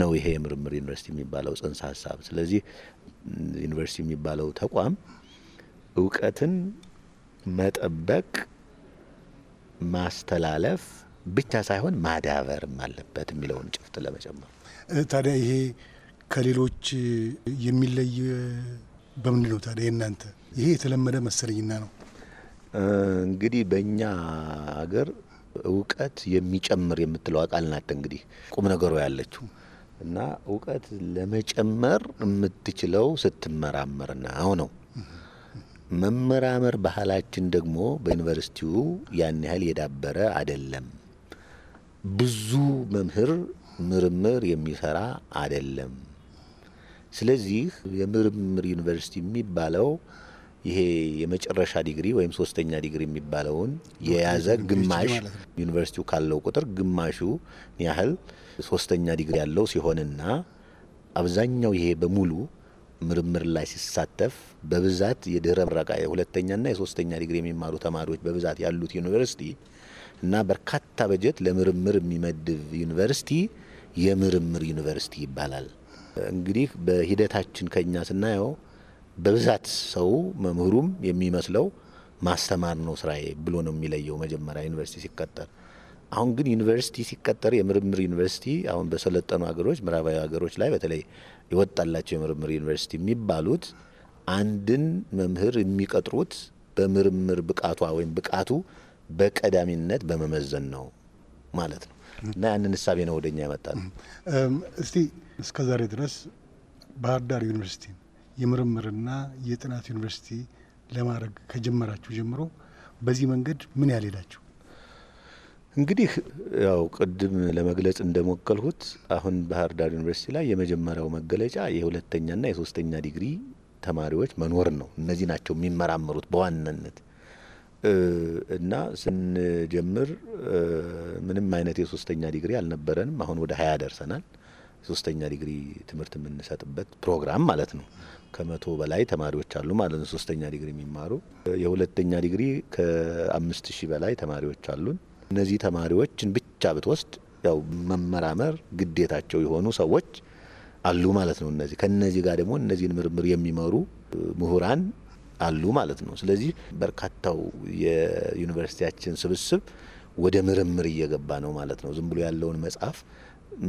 ነው ይሄ የምርምር ዩኒቨርሲቲ የሚባለው ጽንሰ ሀሳብ። ስለዚህ ዩኒቨርሲቲ የሚባለው ተቋም እውቀትን መጠበቅ፣ ማስተላለፍ ብቻ ሳይሆን ማዳበርም አለበት የሚለውን ጭፍጥ ለመጨመር ታዲያ ይሄ ከሌሎች የሚለይ በምንድን ነው ታዲያ ይሄ የተለመደ መሰለኝና ነው እንግዲህ በእኛ ሀገር እውቀት የሚጨምር የምትለው አቃል ናት እንግዲህ ቁም ነገሩ ያለችው እና እውቀት ለመጨመር የምትችለው ስትመራመር ነው ነው። መመራመር ባህላችን ደግሞ በዩኒቨርሲቲው ያን ያህል የዳበረ አይደለም። ብዙ መምህር ምርምር የሚሰራ አይደለም። ስለዚህ የምርምር ዩኒቨርሲቲ የሚባለው ይሄ የመጨረሻ ዲግሪ ወይም ሶስተኛ ዲግሪ የሚባለውን የያዘ ግማሽ ዩኒቨርሲቲው ካለው ቁጥር ግማሹ ያህል ሶስተኛ ዲግሪ ያለው ሲሆንና አብዛኛው ይሄ በሙሉ ምርምር ላይ ሲሳተፍ በብዛት የድህረ ምረቃ የሁለተኛና የሶስተኛ ዲግሪ የሚማሩ ተማሪዎች በብዛት ያሉት ዩኒቨርሲቲ እና በርካታ በጀት ለምርምር የሚመድብ ዩኒቨርሲቲ የምርምር ዩኒቨርሲቲ ይባላል። እንግዲህ በሂደታችን ከኛ ስናየው በብዛት ሰው መምህሩም የሚመስለው ማስተማር ነው ስራዬ ብሎ ነው የሚለየው መጀመሪያ ዩኒቨርሲቲ ሲቀጠር አሁን ግን ዩኒቨርሲቲ ሲቀጠር የምርምር ዩኒቨርሲቲ አሁን በሰለጠኑ ሀገሮች፣ ምዕራባዊ ሀገሮች ላይ በተለይ የወጣላቸው የምርምር ዩኒቨርሲቲ የሚባሉት አንድን መምህር የሚቀጥሩት በምርምር ብቃቷ ወይም ብቃቱ በቀዳሚነት በመመዘን ነው ማለት ነው እና ያንን እሳቤ ነው ወደኛ ያመጣል። እስቲ እስከ ዛሬ ድረስ ባህር ዳር ዩኒቨርሲቲ የምርምርና የጥናት ዩኒቨርሲቲ ለማድረግ ከጀመራችሁ ጀምሮ በዚህ መንገድ ምን ያህል ሄዳችሁ? እንግዲህ ያው ቅድም ለመግለጽ እንደሞከልሁት አሁን ባህር ዳር ዩኒቨርሲቲ ላይ የመጀመሪያው መገለጫ የሁለተኛና የሶስተኛ ዲግሪ ተማሪዎች መኖር ነው። እነዚህ ናቸው የሚመራመሩት በዋናነት እና ስንጀምር ምንም አይነት የሶስተኛ ዲግሪ አልነበረንም። አሁን ወደ ሀያ ደርሰናል። ሶስተኛ ዲግሪ ትምህርት የምንሰጥበት ፕሮግራም ማለት ነው። ከመቶ በላይ ተማሪዎች አሉ ማለት ነው ሶስተኛ ዲግሪ የሚማሩ የሁለተኛ ዲግሪ ከአምስት ሺህ በላይ ተማሪዎች አሉን። እነዚህ ተማሪዎችን ብቻ ብትወስድ ያው መመራመር ግዴታቸው የሆኑ ሰዎች አሉ ማለት ነው። እነዚህ ከነዚህ ጋር ደግሞ እነዚህን ምርምር የሚመሩ ምሁራን አሉ ማለት ነው። ስለዚህ በርካታው የዩኒቨርሲቲያችን ስብስብ ወደ ምርምር እየገባ ነው ማለት ነው። ዝም ብሎ ያለውን መጽሐፍ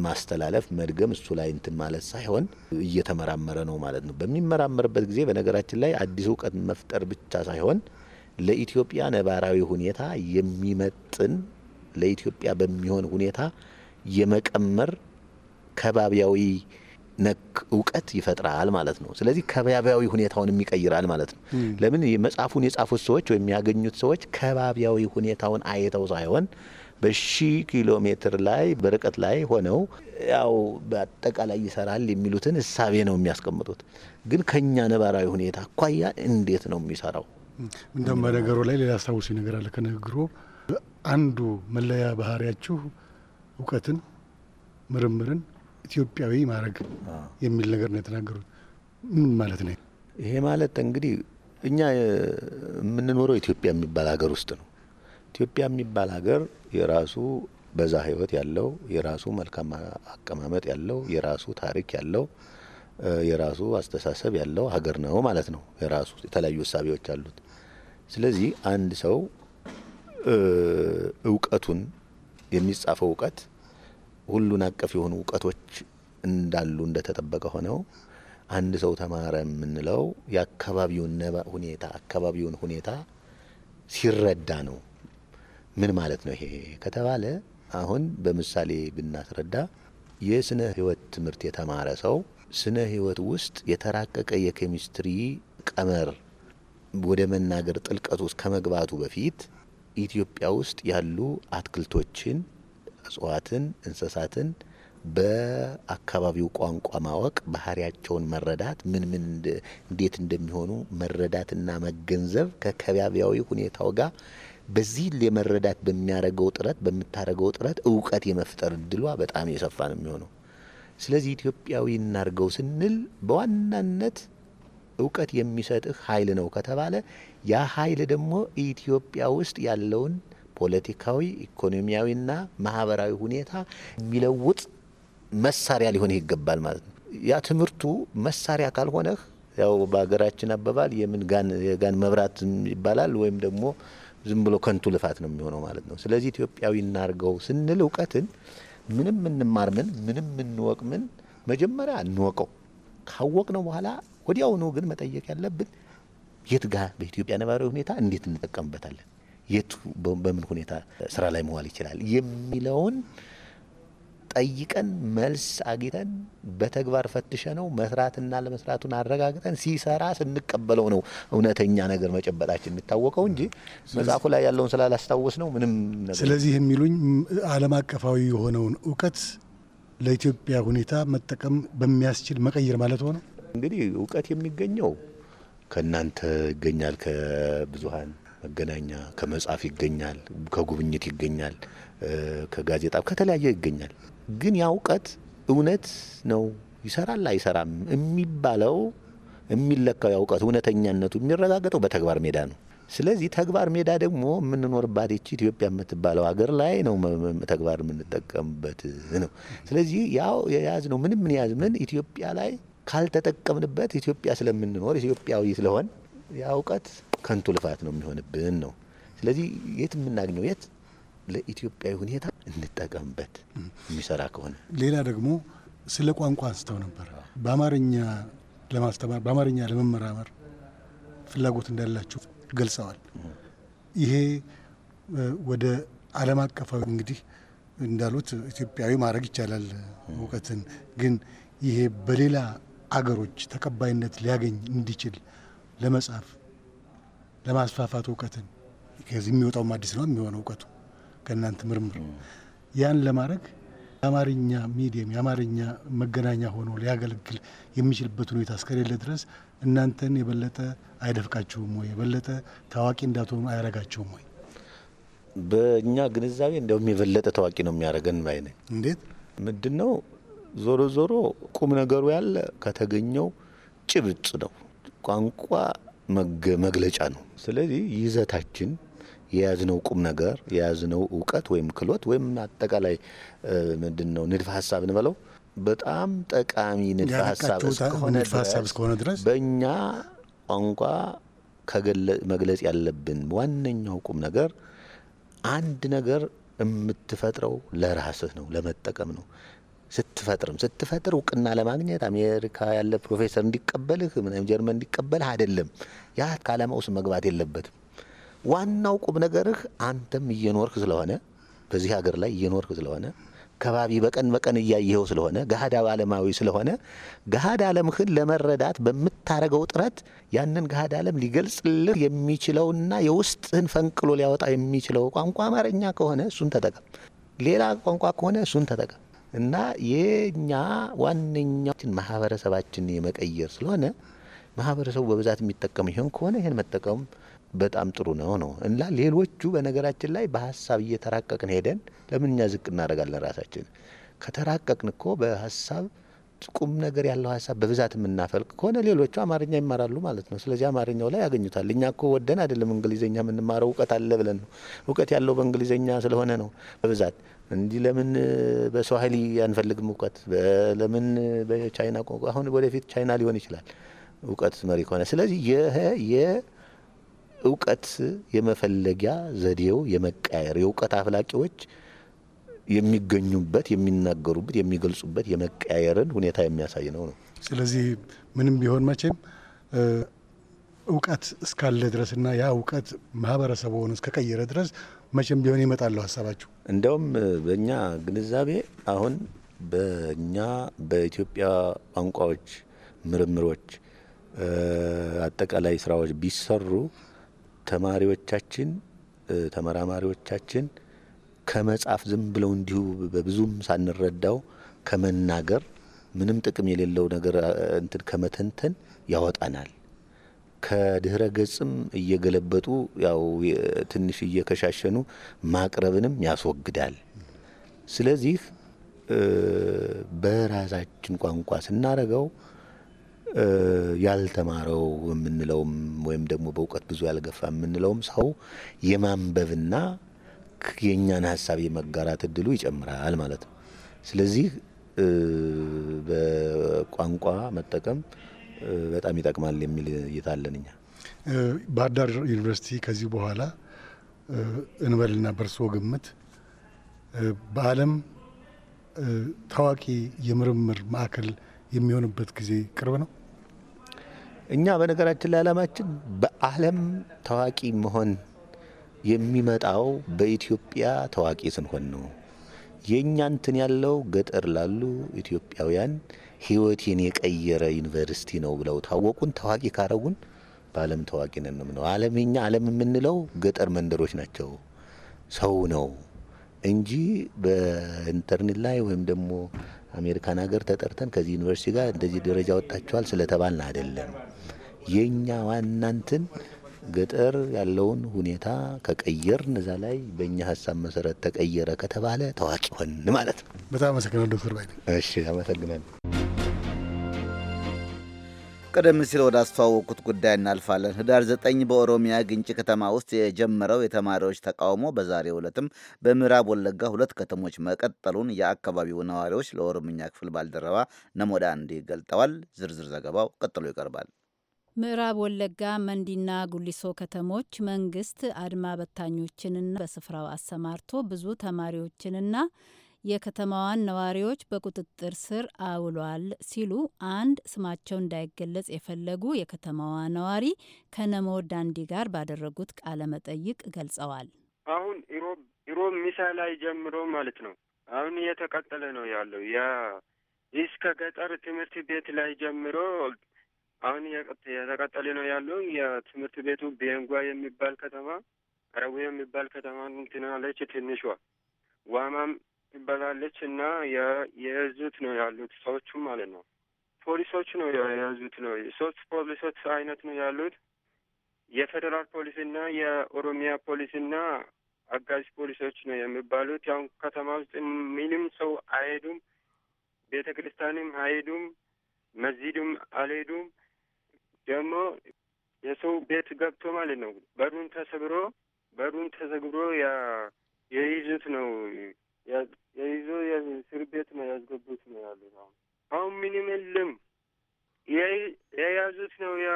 ማስተላለፍ፣ መድገም፣ እሱ ላይ እንትን ማለት ሳይሆን እየተመራመረ ነው ማለት ነው። በሚመራመርበት ጊዜ በነገራችን ላይ አዲስ እውቀት መፍጠር ብቻ ሳይሆን ለኢትዮጵያ ነባራዊ ሁኔታ የሚመጥን ለኢትዮጵያ በሚሆን ሁኔታ የመቀመር ከባቢያዊ ነክ እውቀት ይፈጥራል ማለት ነው። ስለዚህ ከባቢያዊ ሁኔታውንም ይቀይራል ማለት ነው። ለምን መጽሐፉን የጻፉት ሰዎች ወይም ያገኙት ሰዎች ከባቢያዊ ሁኔታውን አይተው ሳይሆን በሺ ኪሎ ሜትር ላይ በርቀት ላይ ሆነው ያው በአጠቃላይ ይሰራል የሚሉትን እሳቤ ነው የሚያስቀምጡት። ግን ከኛ ነባራዊ ሁኔታ አኳያ እንዴት ነው የሚሰራው እንደውም በነገሩ ላይ ሌላ አስታውሱ ነገር አለ። ከንግግሩ አንዱ መለያ ባህሪያችሁ እውቀትን፣ ምርምርን ኢትዮጵያዊ ማድረግ የሚል ነገር ነው የተናገሩት። ምን ማለት ነው ይሄ? ማለት እንግዲህ እኛ የምንኖረው ኢትዮጵያ የሚባል ሀገር ውስጥ ነው። ኢትዮጵያ የሚባል ሀገር የራሱ በዛ ህይወት ያለው የራሱ መልካም አቀማመጥ ያለው የራሱ ታሪክ ያለው የራሱ አስተሳሰብ ያለው ሀገር ነው ማለት ነው። የራሱ የተለያዩ እሳቤዎች አሉት። ስለዚህ አንድ ሰው እውቀቱን የሚጻፈው እውቀት ሁሉን አቀፍ የሆኑ እውቀቶች እንዳሉ እንደተጠበቀ ሆነው አንድ ሰው ተማረ የምንለው የአካባቢውን ሁኔታ አካባቢውን ሁኔታ ሲረዳ ነው። ምን ማለት ነው ይሄ ከተባለ አሁን በምሳሌ ብናስረዳ የስነ ህይወት ትምህርት የተማረ ሰው ስነ ህይወት ውስጥ የተራቀቀ የኬሚስትሪ ቀመር ወደ መናገር ጥልቀት ውስጥ ከመግባቱ በፊት ኢትዮጵያ ውስጥ ያሉ አትክልቶችን፣ እጽዋትን፣ እንስሳትን በአካባቢው ቋንቋ ማወቅ፣ ባህሪያቸውን መረዳት፣ ምን ምን እንዴት እንደሚሆኑ መረዳትና መገንዘብ ከከባቢያዊ ሁኔታው ጋር በዚህ ለመረዳት በሚያደርገው ጥረት በምታደርገው ጥረት እውቀት የመፍጠር እድሏ በጣም የሰፋ ነው የሚሆነው። ስለዚህ ኢትዮጵያዊ እናርገው ስንል በዋናነት እውቀት የሚሰጥህ ኃይል ነው ከተባለ ያ ኃይል ደግሞ ኢትዮጵያ ውስጥ ያለውን ፖለቲካዊ ኢኮኖሚያዊና ማህበራዊ ሁኔታ የሚለውጥ መሳሪያ ሊሆንህ ይገባል ማለት ነው። ያ ትምህርቱ መሳሪያ ካልሆነህ ያው በሀገራችን አባባል የምን ጋን የጋን መብራት ይባላል ወይም ደግሞ ዝም ብሎ ከንቱ ልፋት ነው የሚሆነው ማለት ነው። ስለዚህ ኢትዮጵያዊ እናርገው ስንል እውቀትን ምንም እንማር ምን ምንም እንወቅ ምን መጀመሪያ እንወቀው ካወቅ ነው በኋላ ወዲያውኑ ግን መጠየቅ ያለብን የት ጋር በኢትዮጵያ ነባራዊ ሁኔታ እንዴት እንጠቀምበታለን፣ የቱ በምን ሁኔታ ስራ ላይ መዋል ይችላል የሚለውን ጠይቀን መልስ አግኝተን በተግባር ፈትሸ ነው መስራትና ለመስራቱን አረጋግጠን ሲሰራ ስንቀበለው ነው እውነተኛ ነገር መጨበጣችን የሚታወቀው እንጂ መጽሐፉ ላይ ያለውን ስላላስታወስ ነው ምንም ስለዚህ የሚሉኝ ዓለም አቀፋዊ የሆነውን እውቀት ለኢትዮጵያ ሁኔታ መጠቀም በሚያስችል መቀየር ማለት ሆነው እንግዲህ እውቀት የሚገኘው ከእናንተ ይገኛል፣ ከብዙሀን መገናኛ ከመጽሐፍ ይገኛል፣ ከጉብኝት ይገኛል፣ ከጋዜጣ ከተለያየ ይገኛል። ግን ያ እውቀት እውነት ነው ይሰራል አይሰራም የሚባለው የሚለካው ያውቀት እውነተኛነቱ የሚረጋገጠው በተግባር ሜዳ ነው። ስለዚህ ተግባር ሜዳ ደግሞ የምንኖርባት ይቺ ኢትዮጵያ የምትባለው ሀገር ላይ ነው ተግባር የምንጠቀምበት ነው። ስለዚህ ያው የያዝ ነው ምንም ምን ያዝ ምን ኢትዮጵያ ላይ ካልተጠቀምንበት ኢትዮጵያ ስለምንኖር ኢትዮጵያዊ ስለሆን ያ እውቀት ከንቱ ልፋት ነው የሚሆንብን ነው። ስለዚህ የት የምናገኘው የት ለኢትዮጵያዊ ሁኔታ እንጠቀምበት የሚሰራ ከሆነ። ሌላ ደግሞ ስለ ቋንቋ አንስተው ነበር። በአማርኛ ለማስተማር በአማርኛ ለመመራመር ፍላጎት እንዳላችሁ ገልጸዋል። ይሄ ወደ ዓለም አቀፋዊ እንግዲህ እንዳሉት ኢትዮጵያዊ ማድረግ ይቻላል እውቀትን ግን ይሄ በሌላ አገሮች ተቀባይነት ሊያገኝ እንዲችል ለመጻፍ ለማስፋፋት እውቀትን ከዚህ የሚወጣውም አዲስ ነው የሚሆነው እውቀቱ ከእናንተ ምርምር ያን ለማድረግ የአማርኛ ሚዲየም የአማርኛ መገናኛ ሆኖ ሊያገለግል የሚችልበት ሁኔታ እስከሌለ ድረስ እናንተን የበለጠ አይደፍቃችሁም ወይ? የበለጠ ታዋቂ እንዳትሆኑ አያረጋችሁም ወይ? በእኛ ግንዛቤ እንዲያውም የበለጠ ታዋቂ ነው የሚያደርገን ባይ እንዴት ምንድን ነው ዞሮ ዞሮ ቁም ነገሩ ያለ ከተገኘው ጭብጥ ነው። ቋንቋ መግለጫ ነው። ስለዚህ ይዘታችን የያዝነው ቁም ነገር የያዝነው እውቀት ወይም ክሎት ወይም አጠቃላይ ምንድን ነው ንድፈ ሀሳብ እንበለው በጣም ጠቃሚ ንድፈ ሀሳብ እስከሆነ ድረስ በእኛ ቋንቋ መግለጽ ያለብን ዋነኛው ቁም ነገር አንድ ነገር የምትፈጥረው ለራስህ ነው፣ ለመጠቀም ነው። ስትፈጥርም ስትፈጥር እውቅና ለማግኘት አሜሪካ ያለ ፕሮፌሰር እንዲቀበልህ ምንም ጀርመን እንዲቀበልህ አይደለም። ያ ከዓላማ ውስጥ መግባት የለበትም። ዋናው ቁም ነገርህ አንተም እየኖርህ ስለሆነ በዚህ ሀገር ላይ እየኖርህ ስለሆነ ከባቢ በቀን በቀን እያየኸው ስለሆነ ገሃድ ዓለማዊ ስለሆነ ገሃድ ዓለምህን ለመረዳት በምታረገው ጥረት ያንን ገሃድ ዓለም ሊገልጽልህ የሚችለውና የውስጥህን ፈንቅሎ ሊያወጣ የሚችለው ቋንቋ አማርኛ ከሆነ እሱን ተጠቀም። ሌላ ቋንቋ ከሆነ እሱን ተጠቀም። እና የኛ ዋነኛችን ማህበረሰባችን የመቀየር ስለሆነ ማህበረሰቡ በብዛት የሚጠቀሙ ይሆን ከሆነ ይህን መጠቀሙ በጣም ጥሩ ነው ነው እና ሌሎቹ በነገራችን ላይ በሀሳብ እየተራቀቅን ሄደን ለምን እኛ ዝቅ እናደርጋለን? ራሳችን ከተራቀቅን እኮ በሀሳብ ቁም ነገር ያለው ሀሳብ በብዛት የምናፈልቅ ከሆነ ሌሎቹ አማርኛ ይማራሉ ማለት ነው። ስለዚህ አማርኛው ላይ ያገኙታል። እኛ እኮ ወደን አይደለም እንግሊዝኛ የምንማረው እውቀት አለ ብለን ነው። እውቀት ያለው በእንግሊዝኛ ስለሆነ ነው በብዛት እንዲህ ለምን በሰው ኃይል አንፈልግም? እውቀት ለምን በቻይና ቋንቋ? አሁን ወደፊት ቻይና ሊሆን ይችላል እውቀት መሪ ከሆነ። ስለዚህ ይህ የእውቀት የመፈለጊያ ዘዴው የመቃየር የእውቀት አፍላቂዎች የሚገኙበት፣ የሚናገሩበት፣ የሚገልጹበት የመቀያየርን ሁኔታ የሚያሳይ ነው ነው። ስለዚህ ምንም ቢሆን መቼም እውቀት እስካለ ድረስ ና ያ እውቀት ማህበረሰቡን እስከቀየረ ድረስ መቼም ቢሆን ይመጣለሁ ሀሳባችሁ። እንደውም በእኛ ግንዛቤ አሁን በእኛ በኢትዮጵያ ቋንቋዎች ምርምሮች፣ አጠቃላይ ስራዎች ቢሰሩ ተማሪዎቻችን፣ ተመራማሪዎቻችን ከመጻፍ ዝም ብለው እንዲሁ በብዙም ሳንረዳው ከመናገር ምንም ጥቅም የሌለው ነገር እንትን ከመተንተን ያወጣናል። ከድህረ ገጽም እየገለበጡ ያው ትንሽ እየከሻሸኑ ማቅረብንም ያስወግዳል። ስለዚህ በራሳችን ቋንቋ ስናረገው ያልተማረው የምንለውም ወይም ደግሞ በእውቀት ብዙ ያልገፋ የምንለውም ሰው የማንበብና የእኛን ሀሳብ የመጋራት እድሉ ይጨምራል ማለት ነው። ስለዚህ በቋንቋ መጠቀም በጣም ይጠቅማል የሚል እይታ አለን እኛ። ባህር ዳር ዩኒቨርሲቲ ከዚህ በኋላ እንበልና በእርሶ ግምት በዓለም ታዋቂ የምርምር ማዕከል የሚሆንበት ጊዜ ቅርብ ነው? እኛ በነገራችን ላይ ዓላማችን በዓለም ታዋቂ መሆን የሚመጣው በኢትዮጵያ ታዋቂ ስንሆን ነው። የእኛ እንትን ያለው ገጠር ላሉ ኢትዮጵያውያን ህይወቴን የቀየረ ዩኒቨርሲቲ ነው ብለው ታወቁን። ታዋቂ ካረጉን በአለም ታዋቂ ነን ነው። ዓለም እኛ የምንለው ገጠር መንደሮች ናቸው፣ ሰው ነው እንጂ በኢንተርኔት ላይ ወይም ደግሞ አሜሪካን ሀገር ተጠርተን ከዚህ ዩኒቨርሲቲ ጋር እንደዚህ ደረጃ ወጣችኋል ስለተባልን አይደለም። የእኛ ዋናንትን ገጠር ያለውን ሁኔታ ከቀየር እዛ ላይ በእኛ ሀሳብ መሰረት ተቀየረ ከተባለ ታዋቂ ሆን ማለት ነው። በጣም አመሰግናለሁ ዶክተር ባይ። እሺ አመሰግናለሁ። ቀደም ሲል ወደ አስተዋወቅኩት ጉዳይ እናልፋለን። ህዳር ዘጠኝ በኦሮሚያ ግንጭ ከተማ ውስጥ የጀመረው የተማሪዎች ተቃውሞ በዛሬው ዕለትም በምዕራብ ወለጋ ሁለት ከተሞች መቀጠሉን የአካባቢው ነዋሪዎች ለኦሮምኛ ክፍል ባልደረባ ነሞዳ እንዲህ ገልጠዋል። ዝርዝር ዘገባው ቀጥሎ ይቀርባል። ምዕራብ ወለጋ መንዲና ጉሊሶ ከተሞች መንግስት አድማ በታኞችንና በስፍራው አሰማርቶ ብዙ ተማሪዎችንና የከተማዋን ነዋሪዎች በቁጥጥር ስር አውሏል ሲሉ አንድ ስማቸው እንዳይገለጽ የፈለጉ የከተማዋ ነዋሪ ከነሞ ዳንዲ ጋር ባደረጉት ቃለ መጠይቅ ገልጸዋል። አሁን ኢሮብ ኢሮብ ሚሳ ላይ ጀምሮ ማለት ነው አሁን እየተቀጠለ ነው ያለው ያ እስከ ገጠር ትምህርት ቤት ላይ ጀምሮ አሁን የተቀጠለ ነው ያለው የትምህርት ቤቱ ቤንጓ የሚባል ከተማ ረቡ የሚባል ከተማ እንትናለች ትንሿ ዋማም ትበላለች እና የያዙት ነው ያሉት ሰዎቹም ማለት ነው። ፖሊሶች ነው የያዙት ነው ሶስት ፖሊሶች አይነት ነው ያሉት የፌዴራል ፖሊስና የኦሮሚያ ፖሊስ ፖሊስና አጋዥ ፖሊሶች ነው የሚባሉት። ያው ከተማ ውስጥ ምንም ሰው አይሄዱም፣ ቤተ ክርስቲያንም አይሄዱም፣ መስጂድም አልሄዱም። ደግሞ የሰው ቤት ገብቶ ማለት ነው በሩን ተሰብሮ በሩን ተዘግብሮ የይዙት ነው የይዞ እስር ቤት ነው ያስገቡት ነው ያሉ ነው። አሁን ምንም የለም። የያዙት ነው ያ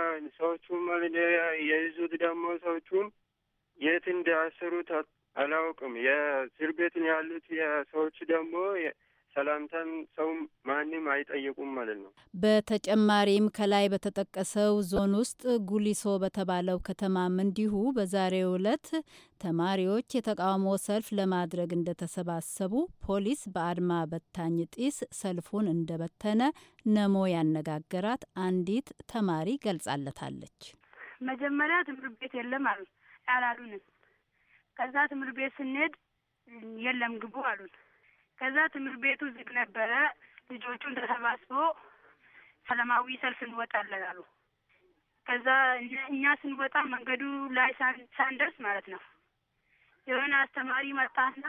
ማለት የይዙት ደግሞ ሰዎቹን የት እንዳሰሩት አላውቅም። የእስር ቤትን ያሉት የሰዎች ደግሞ ሰላምታን ሰውም ማንም አይጠይቁም ማለት ነው። በተጨማሪም ከላይ በተጠቀሰው ዞን ውስጥ ጉሊሶ በተባለው ከተማም እንዲሁ በዛሬው ዕለት ተማሪዎች የተቃውሞ ሰልፍ ለማድረግ እንደተሰባሰቡ ፖሊስ በአድማ በታኝ ጢስ ሰልፉን እንደበተነ ነሞ ያነጋገራት አንዲት ተማሪ ገልጻለታለች። መጀመሪያ ትምህርት ቤት የለም አሉ አላሉንም። ከዛ ትምህርት ቤት ስንሄድ የለም ግቡ አሉን ከዛ ትምህርት ቤቱ ዝግ ነበረ። ልጆቹን ተሰባስቦ ሰላማዊ ሰልፍ እንወጣለን አሉ። ከዛ እኛ ስንወጣ መንገዱ ላይ ሳንደርስ ማለት ነው የሆነ አስተማሪ መጣና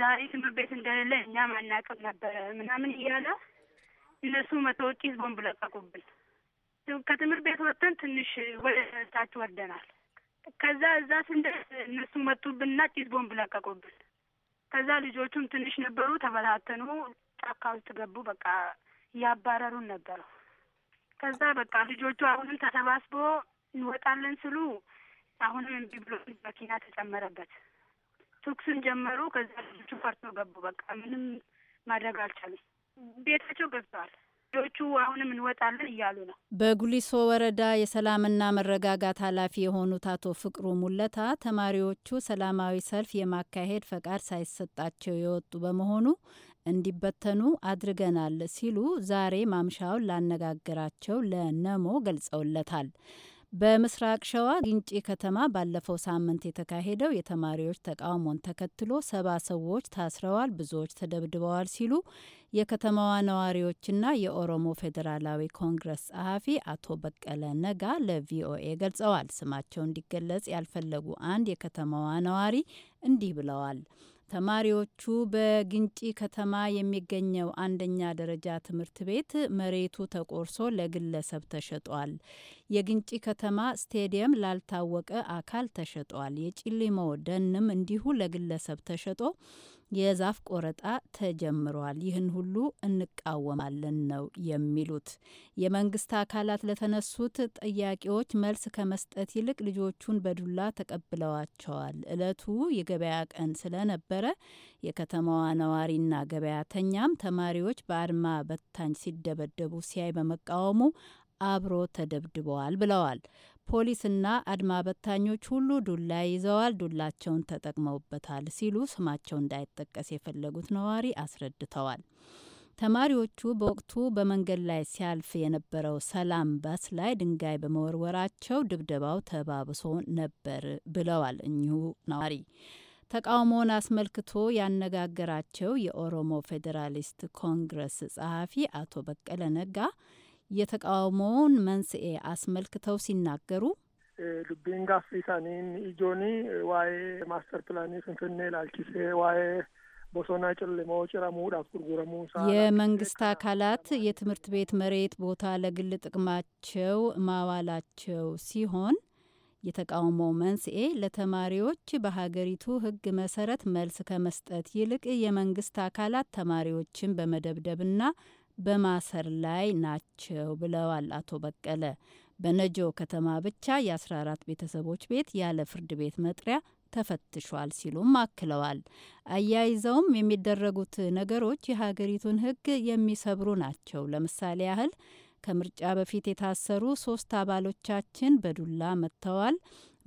ዛሬ ትምህርት ቤት እንደሌለ እኛም አናውቅም ነበረ ምናምን እያለ እነሱ መቶ ጭስ ቦምብ ለቀቁብን። ከትምህርት ቤት ወጥተን ትንሽ ወደ ታች ወርደናል። ከዛ እዛ ስንደርስ እነሱ መጡብንና ጭስ ቦምብ ለቀቁብን። ከዛ ልጆቹም ትንሽ ነበሩ፣ ተበታተኑ፣ ጫካ ውስጥ ገቡ። በቃ እያባረሩን ነበር። ከዛ በቃ ልጆቹ አሁንም ተሰባስቦ እንወጣለን ስሉ አሁንም እምቢ ብሎ መኪና ተጨመረበት። ተኩሱን ጀመሩ። ከዛ ልጆቹ ፈርቶ ገቡ። በቃ ምንም ማድረግ አልቻሉም። ቤታቸው ገብተዋል። ልጆቹ አሁንም እንወጣለን እያሉ ነው። በጉሊሶ ወረዳ የሰላምና መረጋጋት ኃላፊ የሆኑት አቶ ፍቅሩ ሙለታ ተማሪዎቹ ሰላማዊ ሰልፍ የማካሄድ ፈቃድ ሳይሰጣቸው የወጡ በመሆኑ እንዲበተኑ አድርገናል ሲሉ ዛሬ ማምሻውን ላነጋግራቸው ለነሞ ገልጸውለታል። በምስራቅ ሸዋ ግንጪ ከተማ ባለፈው ሳምንት የተካሄደው የተማሪዎች ተቃውሞን ተከትሎ ሰባ ሰዎች ታስረዋል፣ ብዙዎች ተደብድበዋል ሲሉ የከተማዋ ነዋሪዎችና የኦሮሞ ፌዴራላዊ ኮንግረስ ጸሐፊ አቶ በቀለ ነጋ ለቪኦኤ ገልጸዋል። ስማቸው እንዲገለጽ ያልፈለጉ አንድ የከተማዋ ነዋሪ እንዲህ ብለዋል። ተማሪዎቹ በግንጪ ከተማ የሚገኘው አንደኛ ደረጃ ትምህርት ቤት መሬቱ ተቆርሶ ለግለሰብ ተሸጧል። የግንጪ ከተማ ስቴዲየም ላልታወቀ አካል ተሸጧል። የጭሊሞ ደንም እንዲሁ ለግለሰብ ተሸጦ የዛፍ ቆረጣ ተጀምሯል። ይህን ሁሉ እንቃወማለን ነው የሚሉት። የመንግስት አካላት ለተነሱት ጥያቄዎች መልስ ከመስጠት ይልቅ ልጆቹን በዱላ ተቀብለዋቸዋል። እለቱ የገበያ ቀን ስለነበረ የከተማዋ ነዋሪና ገበያተኛም ተማሪዎች በአድማ በታኝ ሲደበደቡ ሲያይ በመቃወሙ አብሮ ተደብድበዋል ብለዋል። ፖሊስና አድማ በታኞች ሁሉ ዱላ ይዘዋል፣ ዱላቸውን ተጠቅመውበታል ሲሉ ስማቸው እንዳይጠቀስ የፈለጉት ነዋሪ አስረድተዋል። ተማሪዎቹ በወቅቱ በመንገድ ላይ ሲያልፍ የነበረው ሰላም ባስ ላይ ድንጋይ በመወርወራቸው ድብደባው ተባብሶ ነበር ብለዋል እኚሁ ነዋሪ። ተቃውሞውን አስመልክቶ ያነጋገራቸው የኦሮሞ ፌዴራሊስት ኮንግረስ ጸሐፊ አቶ በቀለ ነጋ የተቃውሞውን መንስኤ አስመልክተው ሲናገሩ ዱቢንጋ ጋፊሳኒን ኢጆኒ ዋይ ማስተር ፕላኒ ፍንፍኔ ላልኪሴ ዋይ ቦሶና ጭልሞ ጭረሙዳፍ ጉርጉረሙ የመንግስት አካላት የትምህርት ቤት መሬት ቦታ ለግል ጥቅማቸው ማዋላቸው ሲሆን የተቃውሞ መንስኤ ለተማሪዎች በሀገሪቱ ሕግ መሰረት መልስ ከመስጠት ይልቅ የመንግስት አካላት ተማሪዎችን በመደብደብና በማሰር ላይ ናቸው ብለዋል አቶ በቀለ። በነጆ ከተማ ብቻ የ14 ቤተሰቦች ቤት ያለ ፍርድ ቤት መጥሪያ ተፈትሿል ሲሉም አክለዋል። አያይዘውም የሚደረጉት ነገሮች የሀገሪቱን ሕግ የሚሰብሩ ናቸው። ለምሳሌ ያህል ከምርጫ በፊት የታሰሩ ሶስት አባሎቻችን በዱላ መጥተዋል።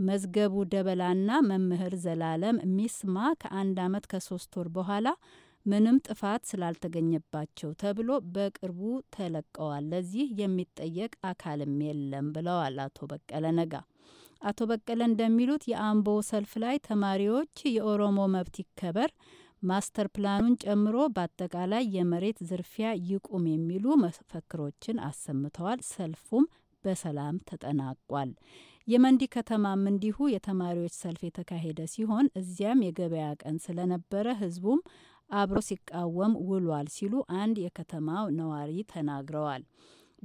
መዝገቡ ደበላና መምህር ዘላለም ሚስማ ከአንድ አመት ከሶስት ወር በኋላ ምንም ጥፋት ስላልተገኘባቸው ተብሎ በቅርቡ ተለቀዋል። ለዚህ የሚጠየቅ አካልም የለም ብለዋል አቶ በቀለ ነጋ። አቶ በቀለ እንደሚሉት የአምቦ ሰልፍ ላይ ተማሪዎች የኦሮሞ መብት ይከበር፣ ማስተር ፕላኑን ጨምሮ በአጠቃላይ የመሬት ዝርፊያ ይቁም የሚሉ መፈክሮችን አሰምተዋል። ሰልፉም በሰላም ተጠናቋል። የመንዲ ከተማም እንዲሁ የተማሪዎች ሰልፍ የተካሄደ ሲሆን እዚያም የገበያ ቀን ስለነበረ ህዝቡም አብሮ ሲቃወም ውሏል ሲሉ አንድ የከተማው ነዋሪ ተናግረዋል።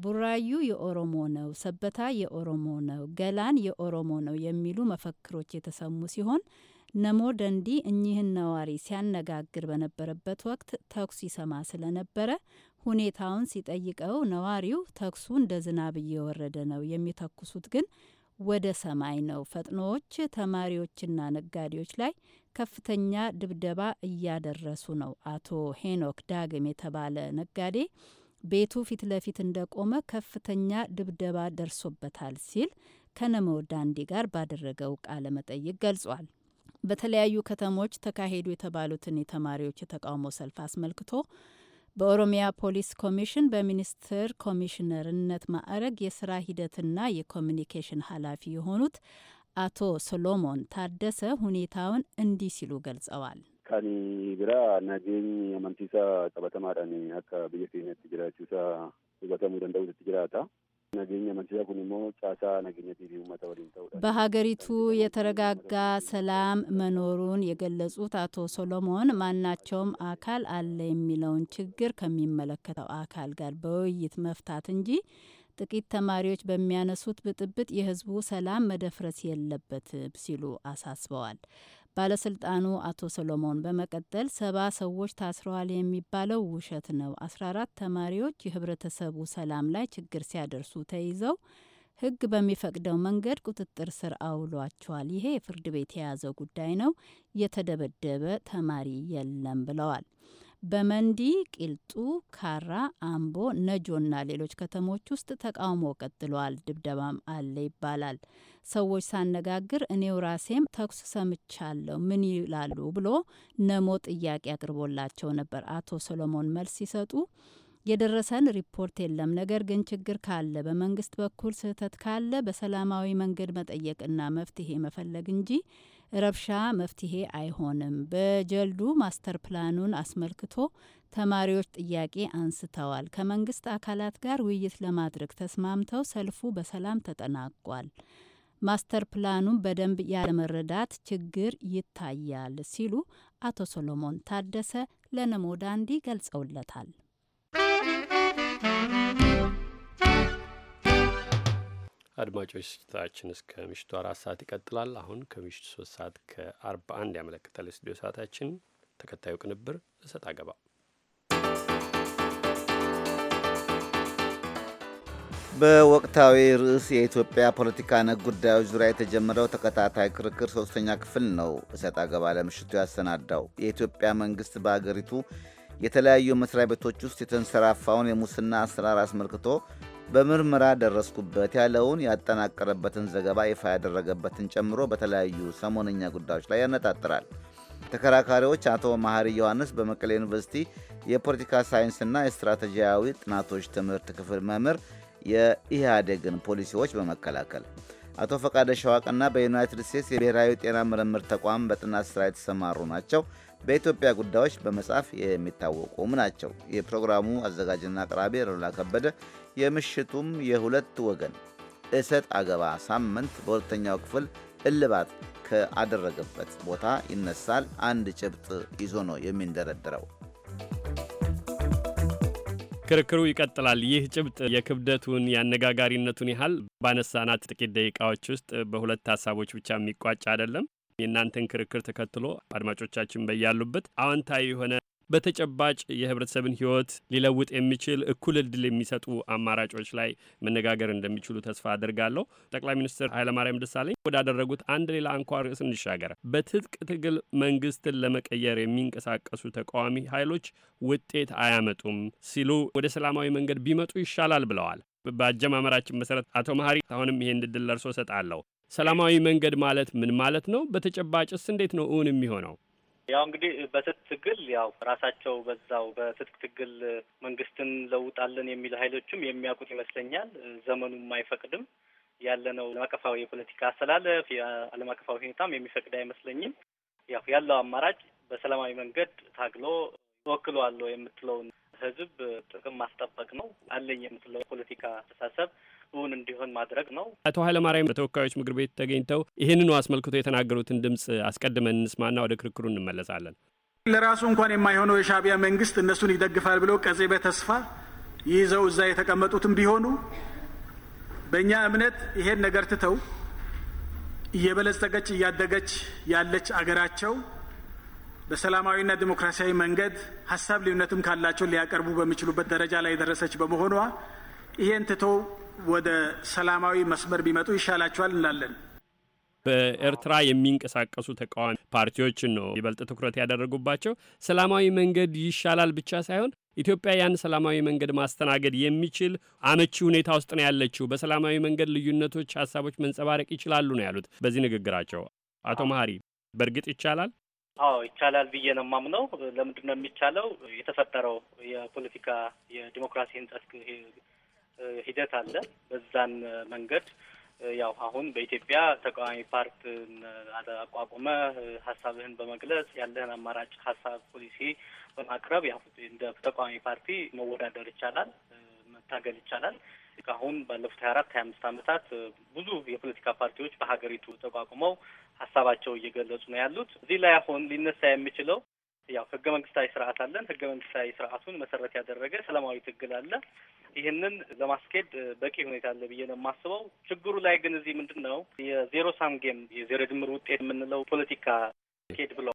ቡራዩ የኦሮሞ ነው፣ ሰበታ የኦሮሞ ነው፣ ገላን የኦሮሞ ነው የሚሉ መፈክሮች የተሰሙ ሲሆን ነሞ ደንዲ እኚህን ነዋሪ ሲያነጋግር በነበረበት ወቅት ተኩስ ይሰማ ስለነበረ ሁኔታውን ሲጠይቀው ነዋሪው ተኩሱ እንደ ዝናብ እየወረደ ነው፣ የሚተኩሱት ግን ወደ ሰማይ ነው። ፈጥኖዎች ተማሪዎችና ነጋዴዎች ላይ ከፍተኛ ድብደባ እያደረሱ ነው። አቶ ሄኖክ ዳግም የተባለ ነጋዴ ቤቱ ፊት ለፊት እንደቆመ ከፍተኛ ድብደባ ደርሶበታል ሲል ከነመው ጋር ባደረገው ቃለ መጠይቅ ገልጿል። በተለያዩ ከተሞች ተካሄዱ የተባሉትን የተማሪዎች የተቃውሞ ሰልፍ አስመልክቶ በኦሮሚያ ፖሊስ ኮሚሽን በሚኒስትር ኮሚሽነርነት ማዕረግ የስራ ሂደትና የኮሚኒኬሽን ኃላፊ የሆኑት አቶ ሶሎሞን ታደሰ ሁኔታውን እንዲህ ሲሉ ገልጸዋል። ከኒ ብራ ናጌኝ የመንቲሳ ጠበተማዳኒ አካ ብየ ኬነት ጅራቹሳ ሁበተሙ ደንደውት ጅራታ በሀገሪቱ የተረጋጋ ሰላም መኖሩን የገለጹት አቶ ሶሎሞን ማናቸውም አካል አለ የሚለውን ችግር ከሚመለከተው አካል ጋር በውይይት መፍታት እንጂ ጥቂት ተማሪዎች በሚያነሱት ብጥብጥ የህዝቡ ሰላም መደፍረስ የለበትም ሲሉ አሳስበዋል። ባለስልጣኑ አቶ ሰሎሞን በመቀጠል ሰባ ሰዎች ታስረዋል የሚባለው ውሸት ነው። አስራ አራት ተማሪዎች የህብረተሰቡ ሰላም ላይ ችግር ሲያደርሱ ተይዘው ህግ በሚፈቅደው መንገድ ቁጥጥር ስር አውሏቸዋል። ይሄ ፍርድ ቤት የያዘው ጉዳይ ነው። የተደበደበ ተማሪ የለም ብለዋል። በመንዲ፣ ቂልጡ፣ ካራ፣ አምቦ፣ ነጆ እና ሌሎች ከተሞች ውስጥ ተቃውሞ ቀጥሏል። ድብደባም አለ ይባላል። ሰዎች ሳነጋግር እኔው ራሴም ተኩስ ሰምቻለሁ ምን ይላሉ ብሎ ነሞ ጥያቄ አቅርቦላቸው ነበር። አቶ ሰሎሞን መልስ ሲሰጡ የደረሰን ሪፖርት የለም። ነገር ግን ችግር ካለ በመንግስት በኩል ስህተት ካለ በሰላማዊ መንገድ መጠየቅና መፍትሄ መፈለግ እንጂ ረብሻ መፍትሄ አይሆንም። በጀልዱ ማስተር ፕላኑን አስመልክቶ ተማሪዎች ጥያቄ አንስተዋል። ከመንግስት አካላት ጋር ውይይት ለማድረግ ተስማምተው ሰልፉ በሰላም ተጠናቋል። ማስተር ፕላኑን በደንብ ያለመረዳት ችግር ይታያል ሲሉ አቶ ሶሎሞን ታደሰ ለነሞዳንዲ ገልጸውለታል። አድማጮች ስርጭታችን እስከ ምሽቱ አራት ሰዓት ይቀጥላል። አሁን ከምሽቱ ሶስት ሰዓት ከአርባ አንድ ያመለክታል ስቱዲዮ ሰዓታችን። ተከታዩ ቅንብር እሰጥ አገባ በወቅታዊ ርዕስ የኢትዮጵያ ፖለቲካ ነክ ጉዳዮች ዙሪያ የተጀመረው ተከታታይ ክርክር ሶስተኛ ክፍል ነው። እሰጥ አገባ ለምሽቱ ያሰናዳው የኢትዮጵያ መንግስት በአገሪቱ የተለያዩ መስሪያ ቤቶች ውስጥ የተንሰራፋውን የሙስና አሰራር አስመልክቶ በምርመራ ደረስኩበት ያለውን ያጠናቀረበትን ዘገባ ይፋ ያደረገበትን ጨምሮ በተለያዩ ሰሞነኛ ጉዳዮች ላይ ያነጣጥራል። ተከራካሪዎች አቶ መሐሪ ዮሐንስ በመቀሌ ዩኒቨርሲቲ የፖለቲካ ሳይንስና የስትራቴጂያዊ ጥናቶች ትምህርት ክፍል መምህር፣ የኢህአዴግን ፖሊሲዎች በመከላከል አቶ ፈቃደ ሸዋቅና በዩናይትድ ስቴትስ የብሔራዊ ጤና ምርምር ተቋም በጥናት ስራ የተሰማሩ ናቸው። በኢትዮጵያ ጉዳዮች በመጻፍ የሚታወቁም ናቸው። የፕሮግራሙ አዘጋጅና አቅራቢ ሮላ ከበደ የምሽቱም የሁለት ወገን እሰጥ አገባ ሳምንት በሁለተኛው ክፍል እልባት ከአደረገበት ቦታ ይነሳል። አንድ ጭብጥ ይዞ ነው የሚንደረድረው። ክርክሩ ይቀጥላል። ይህ ጭብጥ የክብደቱን የአነጋጋሪነቱን ያህል ባነሳናት ጥቂት ደቂቃዎች ውስጥ በሁለት ሀሳቦች ብቻ የሚቋጭ አይደለም። የእናንተን ክርክር ተከትሎ አድማጮቻችን በያሉበት አዎንታዊ የሆነ በተጨባጭ የህብረተሰብን ህይወት ሊለውጥ የሚችል እኩል እድል የሚሰጡ አማራጮች ላይ መነጋገር እንደሚችሉ ተስፋ አድርጋለሁ። ጠቅላይ ሚኒስትር ኃይለማርያም ደሳለኝ ወዳደረጉት አንድ ሌላ አንኳር ርዕስ እንሻገር። በትጥቅ ትግል መንግስትን ለመቀየር የሚንቀሳቀሱ ተቃዋሚ ኃይሎች ውጤት አያመጡም ሲሉ ወደ ሰላማዊ መንገድ ቢመጡ ይሻላል ብለዋል። በአጀማመራችን መሰረት አቶ መሀሪ አሁንም ይሄን እድል ለርሶ ሰጣለሁ። ሰላማዊ መንገድ ማለት ምን ማለት ነው? በተጨባጭስ እንዴት ነው እውን የሚሆነው? ያው እንግዲህ በትጥቅ ትግል ያው ራሳቸው በዛው በትጥቅ ትግል መንግስትን ለውጣለን የሚል ሀይሎችም የሚያውቁት ይመስለኛል። ዘመኑም አይፈቅድም ያለነው ዓለም አቀፋዊ የፖለቲካ አሰላለፍ የዓለም አቀፋዊ ሁኔታም የሚፈቅድ አይመስለኝም። ያው ያለው አማራጭ በሰላማዊ መንገድ ታግሎ እወክለዋለሁ የምትለውን ህዝብ ጥቅም ማስጠበቅ ነው። አለኝ የምትለው ፖለቲካ አስተሳሰብ እውን እንዲሆን ማድረግ ነው። አቶ ኃይለማርያም በተወካዮች ምክር ቤት ተገኝተው ይህንኑ አስመልክቶ የተናገሩትን ድምፅ አስቀድመን እንስማና ወደ ክርክሩ እንመለሳለን። ለራሱ እንኳን የማይሆነው የሻቢያ መንግስት እነሱን ይደግፋል ብለው ቀጼ በተስፋ ይዘው እዛ የተቀመጡትም ቢሆኑ በእኛ እምነት ይሄን ነገር ትተው እየበለጸገች እያደገች ያለች አገራቸው በሰላማዊና ዲሞክራሲያዊ መንገድ ሀሳብ ልዩነትም ካላቸው ሊያቀርቡ በሚችሉበት ደረጃ ላይ የደረሰች በመሆኗ ይሄን ትቶ ወደ ሰላማዊ መስመር ቢመጡ ይሻላቸዋል እንላለን። በኤርትራ የሚንቀሳቀሱ ተቃዋሚ ፓርቲዎችን ነው ይበልጥ ትኩረት ያደረጉባቸው። ሰላማዊ መንገድ ይሻላል ብቻ ሳይሆን ኢትዮጵያ ያን ሰላማዊ መንገድ ማስተናገድ የሚችል አመቺ ሁኔታ ውስጥ ነው ያለችው። በሰላማዊ መንገድ ልዩነቶች፣ ሀሳቦች መንጸባረቅ ይችላሉ ነው ያሉት በዚህ ንግግራቸው። አቶ መሀሪ በእርግጥ ይቻላል? አዎ ይቻላል ብዬ ነው የማምነው። ለምንድን ነው የሚቻለው? የተፈጠረው የፖለቲካ የዲሞክራሲ ህንጸት ሂደት አለ። በዛን መንገድ ያው አሁን በኢትዮጵያ ተቃዋሚ ፓርቲ አቋቁመ ሀሳብህን በመግለጽ ያለህን አማራጭ ሀሳብ፣ ፖሊሲ በማቅረብ ያው እንደ ተቃዋሚ ፓርቲ መወዳደር ይቻላል፣ መታገል ይቻላል። አሁን ባለፉት ሀያ አራት ሀያ አምስት ዓመታት ብዙ የፖለቲካ ፓርቲዎች በሀገሪቱ ተቋቁመው ሀሳባቸው እየገለጹ ነው ያሉት። እዚህ ላይ አሁን ሊነሳ የሚችለው ያው ህገ መንግስታዊ ስርዓት አለን። ህገ መንግስታዊ ስርዓቱን መሰረት ያደረገ ሰላማዊ ትግል አለ። ይህንን ለማስኬድ በቂ ሁኔታ አለ ብዬ ነው የማስበው። ችግሩ ላይ ግን እዚህ ምንድን ነው የዜሮ ሳም ጌም የዜሮ ድምር ውጤት የምንለው ፖለቲካ ኬድ ብለው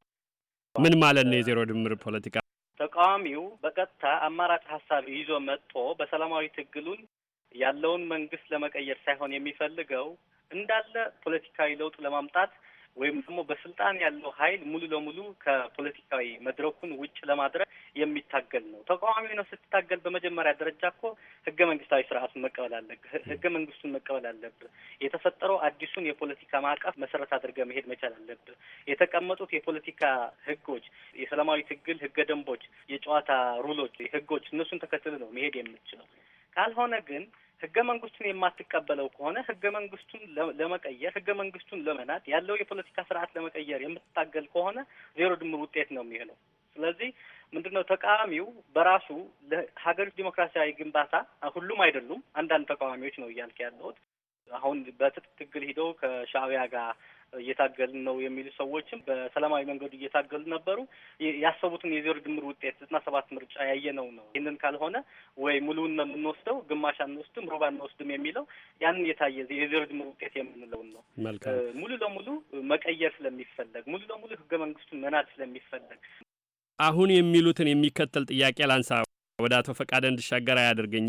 ምን ማለት ነው? የዜሮ ድምር ፖለቲካ ተቃዋሚው በቀጥታ አማራጭ ሀሳብ ይዞ መጥቶ በሰላማዊ ትግሉን ያለውን መንግስት ለመቀየር ሳይሆን የሚፈልገው እንዳለ ፖለቲካዊ ለውጥ ለማምጣት ወይም ደግሞ በስልጣን ያለው ኃይል ሙሉ ለሙሉ ከፖለቲካዊ መድረኩን ውጭ ለማድረግ የሚታገል ነው። ተቃዋሚ ነው ስትታገል በመጀመሪያ ደረጃ እኮ ህገ መንግስታዊ ስርዓቱን መቀበል አለብህ። ህገ መንግስቱን መቀበል አለብህ። የተፈጠረው አዲሱን የፖለቲካ ማዕቀፍ መሰረት አድርገህ መሄድ መቻል አለብህ። የተቀመጡት የፖለቲካ ህጎች፣ የሰላማዊ ትግል ህገ ደንቦች፣ የጨዋታ ሩሎች፣ ህጎች እነሱን ተከትል ነው መሄድ የምችለው ካልሆነ ግን ህገ መንግስቱን የማትቀበለው ከሆነ ህገ መንግስቱን ለመቀየር ህገ መንግስቱን ለመናድ ያለው የፖለቲካ ስርዓት ለመቀየር የምትታገል ከሆነ ዜሮ ድምር ውጤት ነው የሚሆነው። ስለዚህ ምንድን ነው ተቃዋሚው በራሱ ለሀገሪቱ ዲሞክራሲያዊ ግንባታ ሁሉም አይደሉም፣ አንዳንድ ተቃዋሚዎች ነው እያልክ ያለሁት አሁን በትጥቅ ትግል ሂደው ከሻእቢያ ጋር እየታገልን ነው የሚሉ ሰዎችም በሰላማዊ መንገዱ እየታገሉ ነበሩ። ያሰቡትን የዜሮ ድምር ውጤት ዘጠና ሰባት ምርጫ ያየነው ነው። ይህንን ካልሆነ ወይ ሙሉውን ነው የምንወስደው፣ ግማሽ አንወስድም፣ ሩብ አንወስድም የሚለው ያንን የታየ የዜሮ ድምር ውጤት የምንለውን ነው። ሙሉ ለሙሉ መቀየር ስለሚፈለግ፣ ሙሉ ለሙሉ ህገ መንግስቱን መናድ ስለሚፈለግ አሁን የሚሉትን የሚከተል ጥያቄ ላንሳ። ወደ አቶ ፈቃደ እንድሻገር አያደርገኝ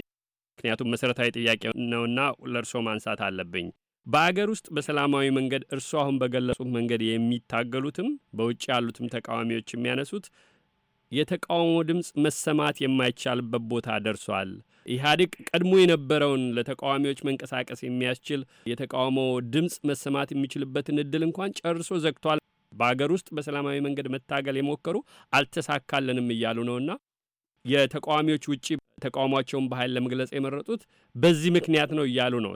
ምክንያቱም መሰረታዊ ጥያቄ ነውና ለእርሶ ማንሳት አለብኝ። በአገር ውስጥ በሰላማዊ መንገድ እርሶ አሁን በገለጹት መንገድ የሚታገሉትም በውጭ ያሉትም ተቃዋሚዎች የሚያነሱት የተቃውሞ ድምፅ መሰማት የማይቻልበት ቦታ ደርሷል። ኢህአዴግ ቀድሞ የነበረውን ለተቃዋሚዎች መንቀሳቀስ የሚያስችል የተቃውሞ ድምፅ መሰማት የሚችልበትን እድል እንኳን ጨርሶ ዘግቷል። በአገር ውስጥ በሰላማዊ መንገድ መታገል የሞከሩ አልተሳካልንም እያሉ ነውና የተቃዋሚዎች ውጭ ተቃውሟቸውን በኃይል ለመግለጽ የመረጡት በዚህ ምክንያት ነው እያሉ ነው።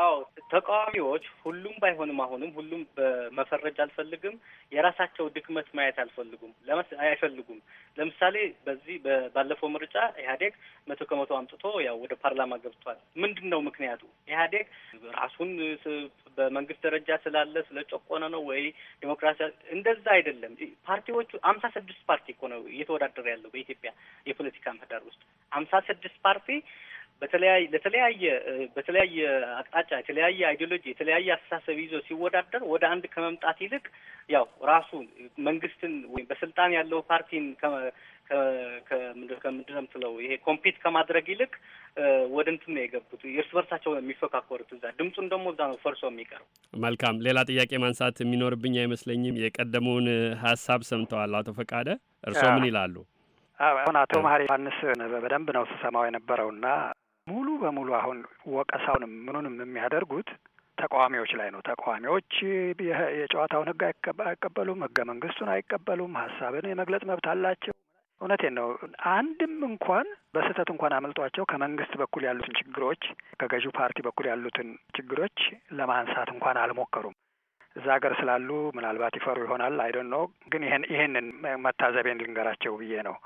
አዎ ተቃዋሚዎች ሁሉም ባይሆንም አሁንም ሁሉም በመፈረጅ አልፈልግም። የራሳቸው ድክመት ማየት አልፈልጉም አይፈልጉም። ለምሳሌ በዚህ ባለፈው ምርጫ ኢህአዴግ መቶ ከመቶ አምጥቶ ያው ወደ ፓርላማ ገብቷል። ምንድን ነው ምክንያቱ? ኢህአዴግ ራሱን በመንግስት ደረጃ ስላለ ስለ ጨቆነ ነው ወይ ዴሞክራሲ? እንደዛ አይደለም። ፓርቲዎቹ አምሳ ስድስት ፓርቲ እኮ ነው እየተወዳደረ ያለው በኢትዮጵያ የፖለቲካ ምህዳር ውስጥ አምሳ ስድስት ፓርቲ በተለያየ ለተለያየ በተለያየ አቅጣጫ የተለያየ አይዲዮሎጂ የተለያየ አስተሳሰብ ይዞ ሲወዳደር ወደ አንድ ከመምጣት ይልቅ ያው ራሱ መንግስትን ወይም በስልጣን ያለው ፓርቲን ከምንድን ነው የምትለው ይሄ ኮምፒት ከማድረግ ይልቅ ወደ እንትን ነው የገቡት። እርስ በርሳቸው የሚፈካከሩት እዛ ድምፁን ደግሞ እዛ ነው ፈርሶ የሚቀረው። መልካም ሌላ ጥያቄ ማንሳት የሚኖርብኝ አይመስለኝም። የቀደመውን ሀሳብ ሰምተዋል አቶ ፈቃደ፣ እርስዎ ምን ይላሉ? አሁን አቶ መሀሪ ዮሐንስ በደንብ ነው ስሰማው የነበረውና ሙሉ በሙሉ አሁን ወቀሳውንም ምኑንም የሚያደርጉት ተቃዋሚዎች ላይ ነው። ተቃዋሚዎች የጨዋታውን ህግ አይቀበሉም፣ ህገ መንግስቱን አይቀበሉም፣ ሀሳብን የመግለጽ መብት አላቸው። እውነቴን ነው። አንድም እንኳን በስህተት እንኳን አምልጧቸው ከመንግስት በኩል ያሉትን ችግሮች ከገዢው ፓርቲ በኩል ያሉትን ችግሮች ለማንሳት እንኳን አልሞከሩም። እዛ ሀገር ስላሉ ምናልባት ይፈሩ ይሆናል አይደን ነው። ግን ይህን ይህንን መታዘቤን ልንገራቸው ብዬ ነው።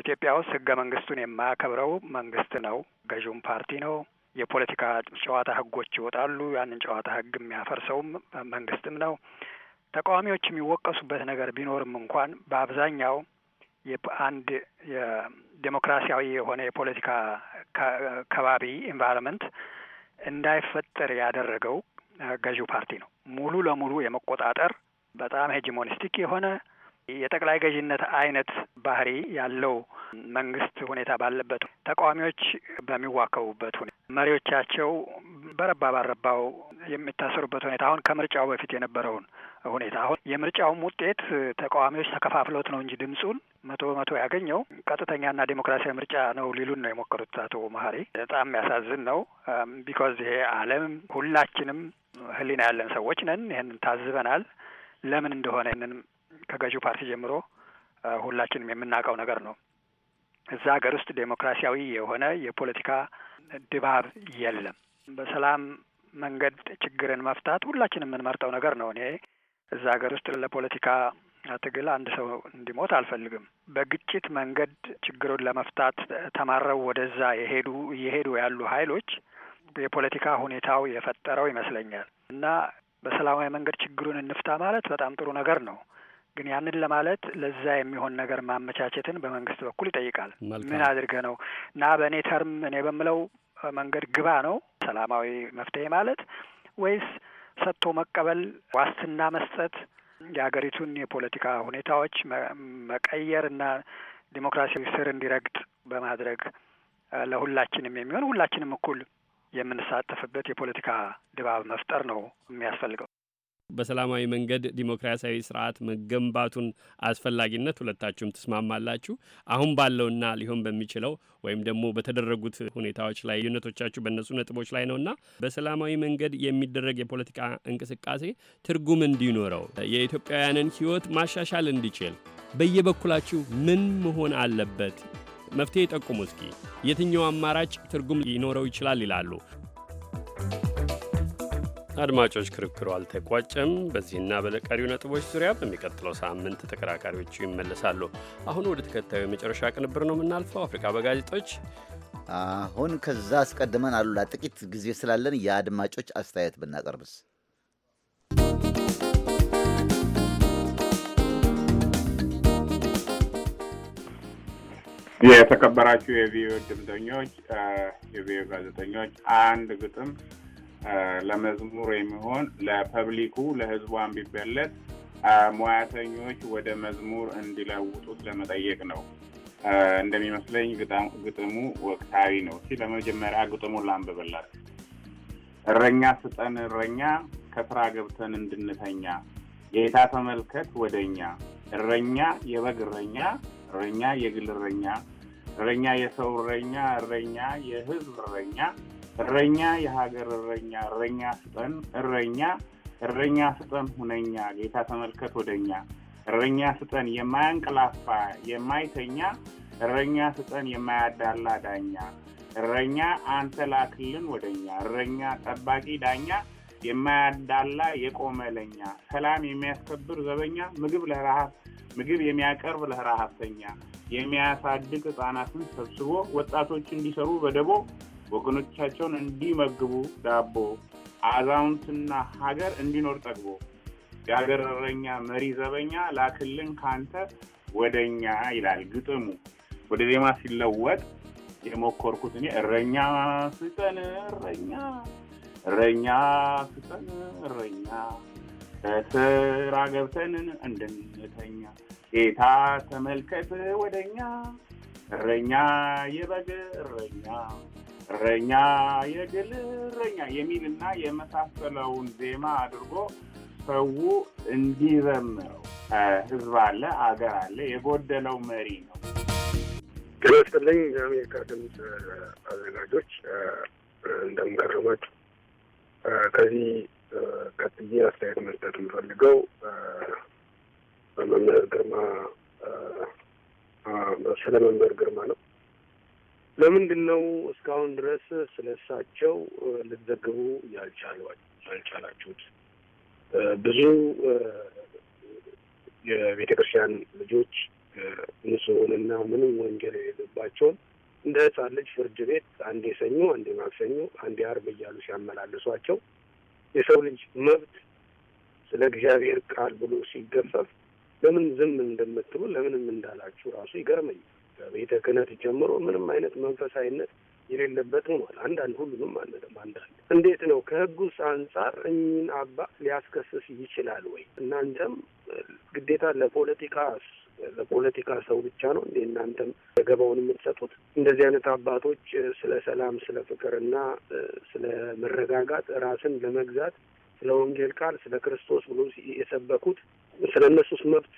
ኢትዮጵያ ውስጥ ህገ መንግስቱን የማያከብረው መንግስት ነው፣ ገዥውም ፓርቲ ነው። የፖለቲካ ጨዋታ ህጎች ይወጣሉ። ያንን ጨዋታ ህግ የሚያፈርሰውም መንግስትም ነው። ተቃዋሚዎች የሚወቀሱበት ነገር ቢኖርም እንኳን በአብዛኛው አንድ የዴሞክራሲያዊ የሆነ የፖለቲካ ከባቢ ኤንቫይሮንመንት እንዳይፈጠር ያደረገው ገዢው ፓርቲ ነው። ሙሉ ለሙሉ የመቆጣጠር በጣም ሄጂሞኒስቲክ የሆነ የጠቅላይ ገዥነት አይነት ባህሪ ያለው መንግስት ሁኔታ ባለበት ተቃዋሚዎች በሚዋከቡበት ሁኔታ መሪዎቻቸው በረባ ባረባው የሚታሰሩበት ሁኔታ አሁን ከምርጫው በፊት የነበረውን ሁኔታ አሁን የምርጫውም ውጤት ተቃዋሚዎች ተከፋፍለውት ነው እንጂ ድምፁን መቶ በመቶ ያገኘው ቀጥተኛና ዴሞክራሲያዊ ምርጫ ነው ሊሉን ነው የሞከሩት አቶ መሀሪ። በጣም የሚያሳዝን ነው። ቢኮዝ ይሄ ዓለም ሁላችንም ህሊና ያለን ሰዎች ነን። ይህንን ታዝበናል። ለምን እንደሆነ ይህንን ከገዢው ፓርቲ ጀምሮ ሁላችንም የምናውቀው ነገር ነው። እዛ ሀገር ውስጥ ዴሞክራሲያዊ የሆነ የፖለቲካ ድባብ የለም። በሰላም መንገድ ችግርን መፍታት ሁላችንም የምንመርጠው ነገር ነው። እኔ እዛ ሀገር ውስጥ ለፖለቲካ ትግል አንድ ሰው እንዲሞት አልፈልግም። በግጭት መንገድ ችግሩን ለመፍታት ተማረው ወደዛ የሄዱ እየሄዱ ያሉ ሀይሎች የፖለቲካ ሁኔታው የፈጠረው ይመስለኛል እና በሰላማዊ መንገድ ችግሩን እንፍታ ማለት በጣም ጥሩ ነገር ነው። ግን ያንን ለማለት ለዛ የሚሆን ነገር ማመቻቸትን በመንግስት በኩል ይጠይቃል። ምን አድርገ ነው እና በእኔ ተርም እኔ በምለው መንገድ ግባ ነው ሰላማዊ መፍትሄ ማለት ወይስ ሰጥቶ መቀበል፣ ዋስትና መስጠት፣ የሀገሪቱን የፖለቲካ ሁኔታዎች መቀየር እና ዲሞክራሲያዊ ስር እንዲረግጥ በማድረግ ለሁላችንም የሚሆን ሁላችንም እኩል የምንሳተፍበት የፖለቲካ ድባብ መፍጠር ነው የሚያስፈልገው። በሰላማዊ መንገድ ዲሞክራሲያዊ ስርዓት መገንባቱን አስፈላጊነት ሁለታችሁም ትስማማላችሁ። አሁን ባለውና ሊሆን በሚችለው ወይም ደግሞ በተደረጉት ሁኔታዎች ላይ ልዩነቶቻችሁ በእነሱ ነጥቦች ላይ ነውና በሰላማዊ መንገድ የሚደረግ የፖለቲካ እንቅስቃሴ ትርጉም እንዲኖረው የኢትዮጵያውያንን ሕይወት ማሻሻል እንዲችል በየበኩላችሁ ምን መሆን አለበት? መፍትሄ ጠቁሙ እስኪ። የትኛው አማራጭ ትርጉም ሊኖረው ይችላል ይላሉ? አድማጮች፣ ክርክሩ አልተቋጨም። በዚህና በቀሪው ነጥቦች ዙሪያ በሚቀጥለው ሳምንት ተከራካሪዎቹ ይመለሳሉ። አሁን ወደ ተከታዩ የመጨረሻ ቅንብር ነው የምናልፈው፣ አፍሪካ በጋዜጦች አሁን ከዛ አስቀድመን አሉላ ጥቂት ጊዜ ስላለን የአድማጮች አስተያየት ብናቀርብስ? የተከበራችሁ የቪዮ ድምተኞች፣ የቪዮ ጋዜጠኞች አንድ ግጥም ለመዝሙር የሚሆን ለፐብሊኩ ለህዝቡ አንቢበለት ሙያተኞች ወደ መዝሙር እንዲለውጡት ለመጠየቅ ነው። እንደሚመስለኝ ግጥሙ ወቅታዊ ነው። እስኪ ለመጀመሪያ ግጥሙን ላንብብላት። እረኛ ስጠን እረኛ፣ ከስራ ገብተን እንድንተኛ፣ ጌታ ተመልከት ወደኛ። እረኛ የበግ እረኛ፣ እረኛ የግል እረኛ፣ እረኛ የሰው እረኛ፣ እረኛ የህዝብ እረኛ እረኛ የሀገር እረኛ እረኛ ስጠን እረኛ እረኛ ስጠን ሁነኛ ጌታ ተመልከት ወደኛ እረኛ ስጠን የማያንቀላፋ የማይተኛ እረኛ ስጠን የማያዳላ ዳኛ እረኛ አንተ ላክልን ወደኛ እረኛ ጠባቂ ዳኛ የማያዳላ የቆመ ለኛ ሰላም የሚያስከብር ዘበኛ ምግብ ለረሃብ ምግብ የሚያቀርብ ለረሃብተኛ የሚያሳድግ ህጻናትን ሰብስቦ ወጣቶች እንዲሰሩ በደቦ ወገኖቻቸውን እንዲመግቡ ዳቦ፣ አዛውንትና ሀገር እንዲኖር ጠግቦ የሀገር እረኛ መሪ ዘበኛ ላክልን ካንተ ወደኛ ይላል ግጥሙ። ወደ ዜማ ሲለወጥ የሞከርኩት እኔ እረኛ ስጠን እረኛ እረኛ ስጠን እረኛ ከስራ ገብተን እንድንተኛ ጌታ ተመልከት ወደኛ እረኛ የበግ እረኛ እረኛ የድል እረኛ የሚልና የመሳሰለውን ዜማ አድርጎ ሰው እንዲዘምረው ህዝብ አለ፣ አገር አለ። የጎደለው መሪ ነው። ጤና ይስጥልኝ። የአሜሪካ ድምፅ አዘጋጆች እንደምንቀረማችሁ። ከዚህ ቀጥዬ አስተያየት መስጠት የምፈልገው በመምህር ግርማ ስለ መምህር ግርማ ነው። ለምንድን ነው እስካሁን ድረስ ስለ እሳቸው ልትዘግቡ ያልቻላችሁት? ብዙ የቤተ ክርስቲያን ልጆች ንጹሕንና ምንም ወንጀል የሌለባቸውን እንደ ሕፃን ልጅ ፍርድ ቤት አንዴ ሰኞ፣ አንዴ ማክሰኞ፣ አንዴ አርብ እያሉ ሲያመላልሷቸው የሰው ልጅ መብት ስለ እግዚአብሔር ቃል ብሎ ሲገፈፍ ለምን ዝም እንደምትሉ ለምንም እንዳላችሁ ራሱ ይገርመኛል። ከቤተ ክህነት ጀምሮ ምንም አይነት መንፈሳዊነት የሌለበት ሆኗል። አንዳንድ ሁሉንም አንልም። አንዳንድ እንዴት ነው ከህጉስ አንጻር እኚህን አባት ሊያስከስስ ይችላል ወይ? እናንተም ግዴታ ለፖለቲካ ለፖለቲካ ሰው ብቻ ነው እንዴ እናንተም ዘገባውን የምትሰጡት? እንደዚህ አይነት አባቶች ስለ ሰላም፣ ስለ ፍቅርና ስለ መረጋጋት ራስን ለመግዛት ስለ ወንጌል ቃል ስለ ክርስቶስ ብሎ የሰበኩት ስለ እነሱስ መብት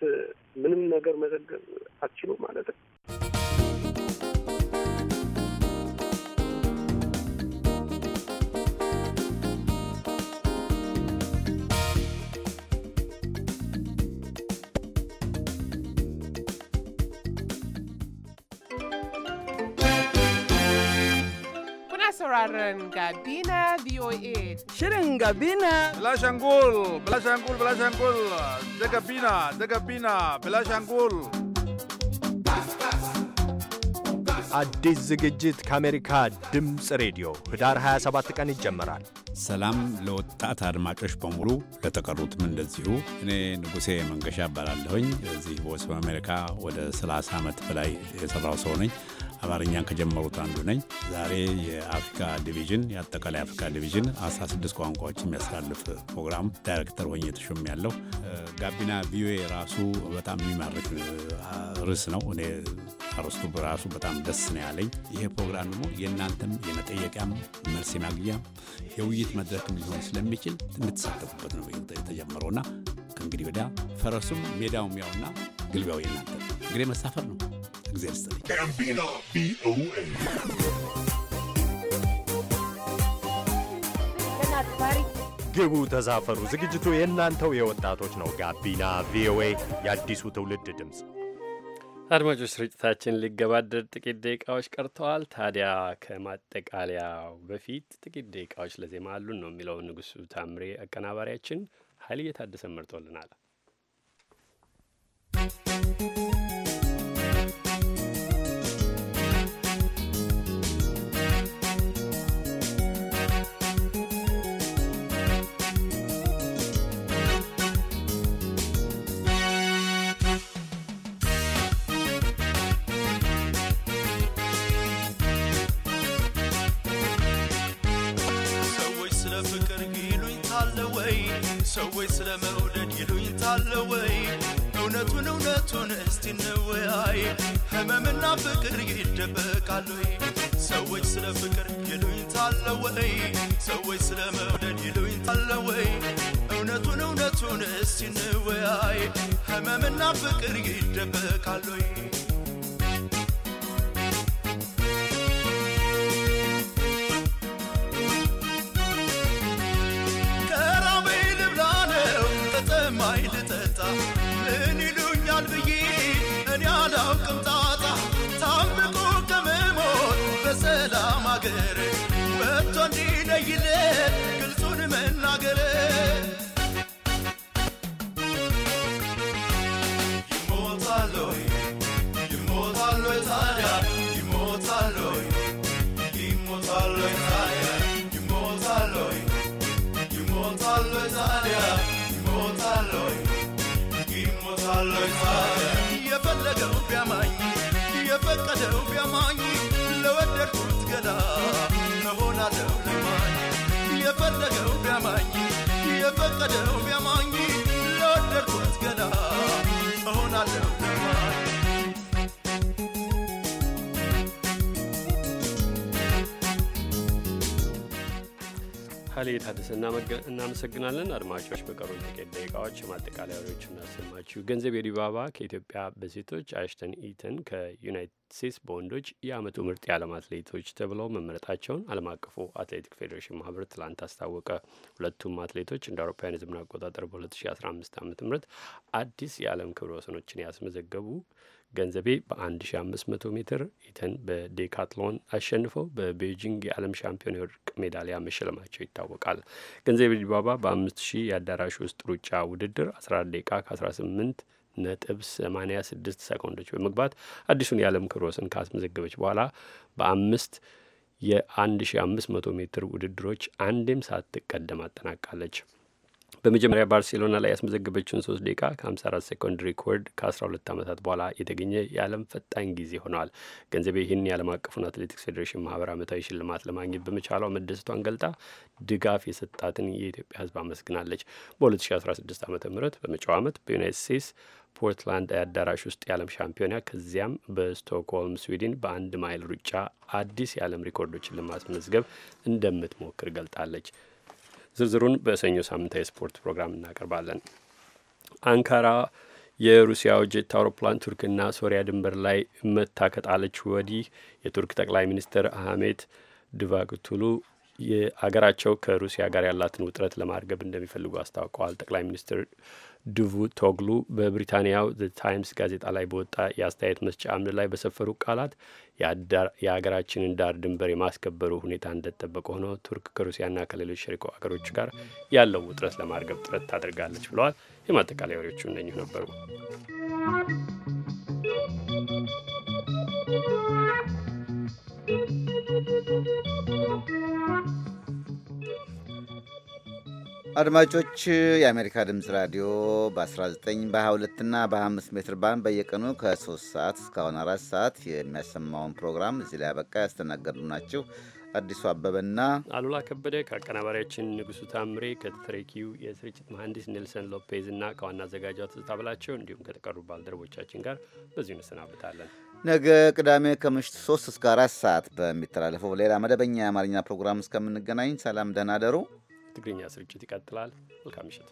ምንም ነገር መዘገብ አትችሉ ማለት ነው። sauraron Gabina VOA. Shirin Gabina. Bilashangul, Bilashangul, Bilashangul, da Gabina, da Gabina, Bilashangul. አዲስ ዝግጅት ከአሜሪካ ድምፅ ሬዲዮ ህዳር 27 ቀን ይጀምራል። ሰላም ለወጣት አድማጮች በሙሉ ለተቀሩትም እንደዚሁ። እኔ ንጉሴ መንገሻ እባላለሁኝ። እዚህ ቮይስ ኦፍ አሜሪካ ወደ 30 ዓመት በላይ የሰራው ሰው ነኝ። አማርኛን ከጀመሩት አንዱ ነኝ። ዛሬ የአፍሪካ ዲቪዥን የአጠቃላይ አፍሪካ ዲቪዥን 16 ቋንቋዎች የሚያስተላልፍ ፕሮግራም ዳይሬክተር ሆኜ ተሾም ያለው ጋቢና ቪኦኤ ራሱ በጣም የሚማርክ ርዕስ ነው። እኔ አርስቱ በራሱ በጣም ደስ ነው ያለኝ። ይሄ ፕሮግራም ደግሞ የእናንተም የመጠየቂያም መልስ የማግኛም የውይይት መድረክም ሊሆን ስለሚችል የምትሳተፉበት ነው የተጀመረውና ከእንግዲህ ወዲያ ፈረሱም ሜዳውም ያውና ግልቢያው የእናንተ እንግዲህ መሳፈር ነው። እግዚአብሔር ይስጥልኝ። ግቡ፣ ተሳፈሩ። ዝግጅቱ የእናንተው የወጣቶች ነው። ጋቢና ቪኦኤ የአዲሱ ትውልድ ድምፅ። አድማጮች ስርጭታችን ሊገባደድ ጥቂት ደቂቃዎች ቀርተዋል። ታዲያ ከማጠቃለያው በፊት ጥቂት ደቂቃዎች ለዜማ አሉን ነው የሚለው ንጉሱ ታምሬ አቀናባሪያችን ኃይል እየታደሰ መርጦልናል። ሰዎች ስለ መውደድ ይሉኝታለ ወይ? እውነቱን እውነቱን እስቲ እንወያይ። ህመምና ፍቅር ይደበቃሉ ወይ? ሰዎች ስለ ፍቅር ይሉኝታለ ወይ? ሰዎች ስለ መውደድ ይሉኝታለ ወይ? እውነቱን እውነቱን እስቲ እንወያይ። ህመምና ፍቅር ይደበቃሉ ወይ? ለፈቀደው ቢያማኝ ለወደድኩት ገላ መሆናለው ለማኝ የፈለገው ቢያማኝ የፈቀደው ቢያማኝ አሊ ታደሰ እናመሰግናለን። አድማጮች በቀሩን ጥቂት ደቂቃዎች የማጠቃለያ እናሰማችሁ። ገንዘቤ ዲባባ ከኢትዮጵያ በሴቶች አሽተን ኢተን ከዩናይትድ ስቴትስ በወንዶች የአመቱ ምርጥ የዓለም አትሌቶች ተብለው መመረጣቸውን ዓለም አቀፉ አትሌቲክ ፌዴሬሽን ማህበር ትላንት አስታወቀ። ሁለቱም አትሌቶች እንደ አውሮፓውያን የዘመን አቆጣጠር በ2015 ዓ ም አዲስ የዓለም ክብረ ወሰኖችን ያስመዘገቡ ገንዘቤ በ1500 ሜትር ኢተን በዴካትሎን አሸንፈው በቤጂንግ የዓለም ሻምፒዮን የወርቅ ሜዳሊያ መሸለማቸው ይታወቃል። ገንዘቤ ዲባባ በ5000 የአዳራሽ ውስጥ ሩጫ ውድድር 14 ደቂቃ ከ18 ነጥብ 86 ሰኮንዶች በመግባት አዲሱን የዓለም ክብረ ወሰን ካስመዘገበች በኋላ በአምስት የ1500 ሜትር ውድድሮች አንዴም ሳትቀደም አጠናቃለች። በመጀመሪያ ባርሴሎና ላይ ያስመዘገበችውን ሶስት ደቂቃ ከ54 ሴኮንድ ሪኮርድ ከ12 ዓመታት በኋላ የተገኘ የዓለም ፈጣን ጊዜ ሆነዋል። ገንዘቤ ይህን የዓለም አቀፉን አትሌቲክስ ፌዴሬሽን ማህበር ዓመታዊ ሽልማት ለማግኘት በመቻሏ መደሰቷን ገልጣ ድጋፍ የሰጣትን የኢትዮጵያ ሕዝብ አመስግናለች። በ2016 ዓ ም በመጪው ዓመት በዩናይት ስቴትስ ፖርትላንድ አዳራሽ ውስጥ የዓለም ሻምፒዮና ከዚያም በስቶክሆልም ስዊድን በአንድ ማይል ሩጫ አዲስ የዓለም ሪኮርዶችን ለማስመዝገብ እንደምትሞክር ገልጣለች። ዝርዝሩን በሰኞ ሳምንታዊ የስፖርት ፕሮግራም እናቀርባለን። አንካራ የሩሲያው ጄት አውሮፕላን ቱርክና ሶሪያ ድንበር ላይ መታ ከጣለች ወዲህ የቱርክ ጠቅላይ ሚኒስትር አህሜት ድቫግቱሉ የአገራቸው ከሩሲያ ጋር ያላትን ውጥረት ለማርገብ እንደሚፈልጉ አስታውቀዋል። ጠቅላይ ሚኒስትር ድቡ ቶግሉ በብሪታንያው ዘ ታይምስ ጋዜጣ ላይ በወጣ የአስተያየት መስጫ አምድ ላይ በሰፈሩ ቃላት የሀገራችንን ዳር ድንበር የማስከበሩ ሁኔታ እንደጠበቀ ሆኖ ቱርክ ከሩሲያና ከሌሎች ሸሪኮ ሀገሮች ጋር ያለው ውጥረት ለማርገብ ጥረት ታደርጋለች ብለዋል። የማጠቃለያ ወሬዎቹ እነኚሁ ነበሩ። አድማጮች የአሜሪካ ድምፅ ራዲዮ በ19 በ22 እና በ25 ሜትር ባንድ በየቀኑ ከ3 ሰዓት እስካሁን 4 ሰዓት የሚያሰማውን ፕሮግራም እዚህ ላይ አበቃ። ያስተናገዱ ናቸው አዲሱ አበበና አሉላ ከበደ ከአቀናባሪያችን ንጉሱ ታምሬ ከተተረኪው የስርጭት መሐንዲስ ኔልሰን ሎፔዝ እና ከዋና አዘጋጇ ትዝታ ብላቸው እንዲሁም ከተቀሩ ባልደረቦቻችን ጋር በዚሁ እንሰናበታለን። ነገ ቅዳሜ ከምሽቱ 3 እስከ 4 ሰዓት በሚተላለፈው ሌላ መደበኛ የአማርኛ ፕሮግራም እስከምንገናኝ ሰላም፣ ደህና ደሩ። ትግርኛ ስርጭት ይቀጥላል። መልካም ምሽት።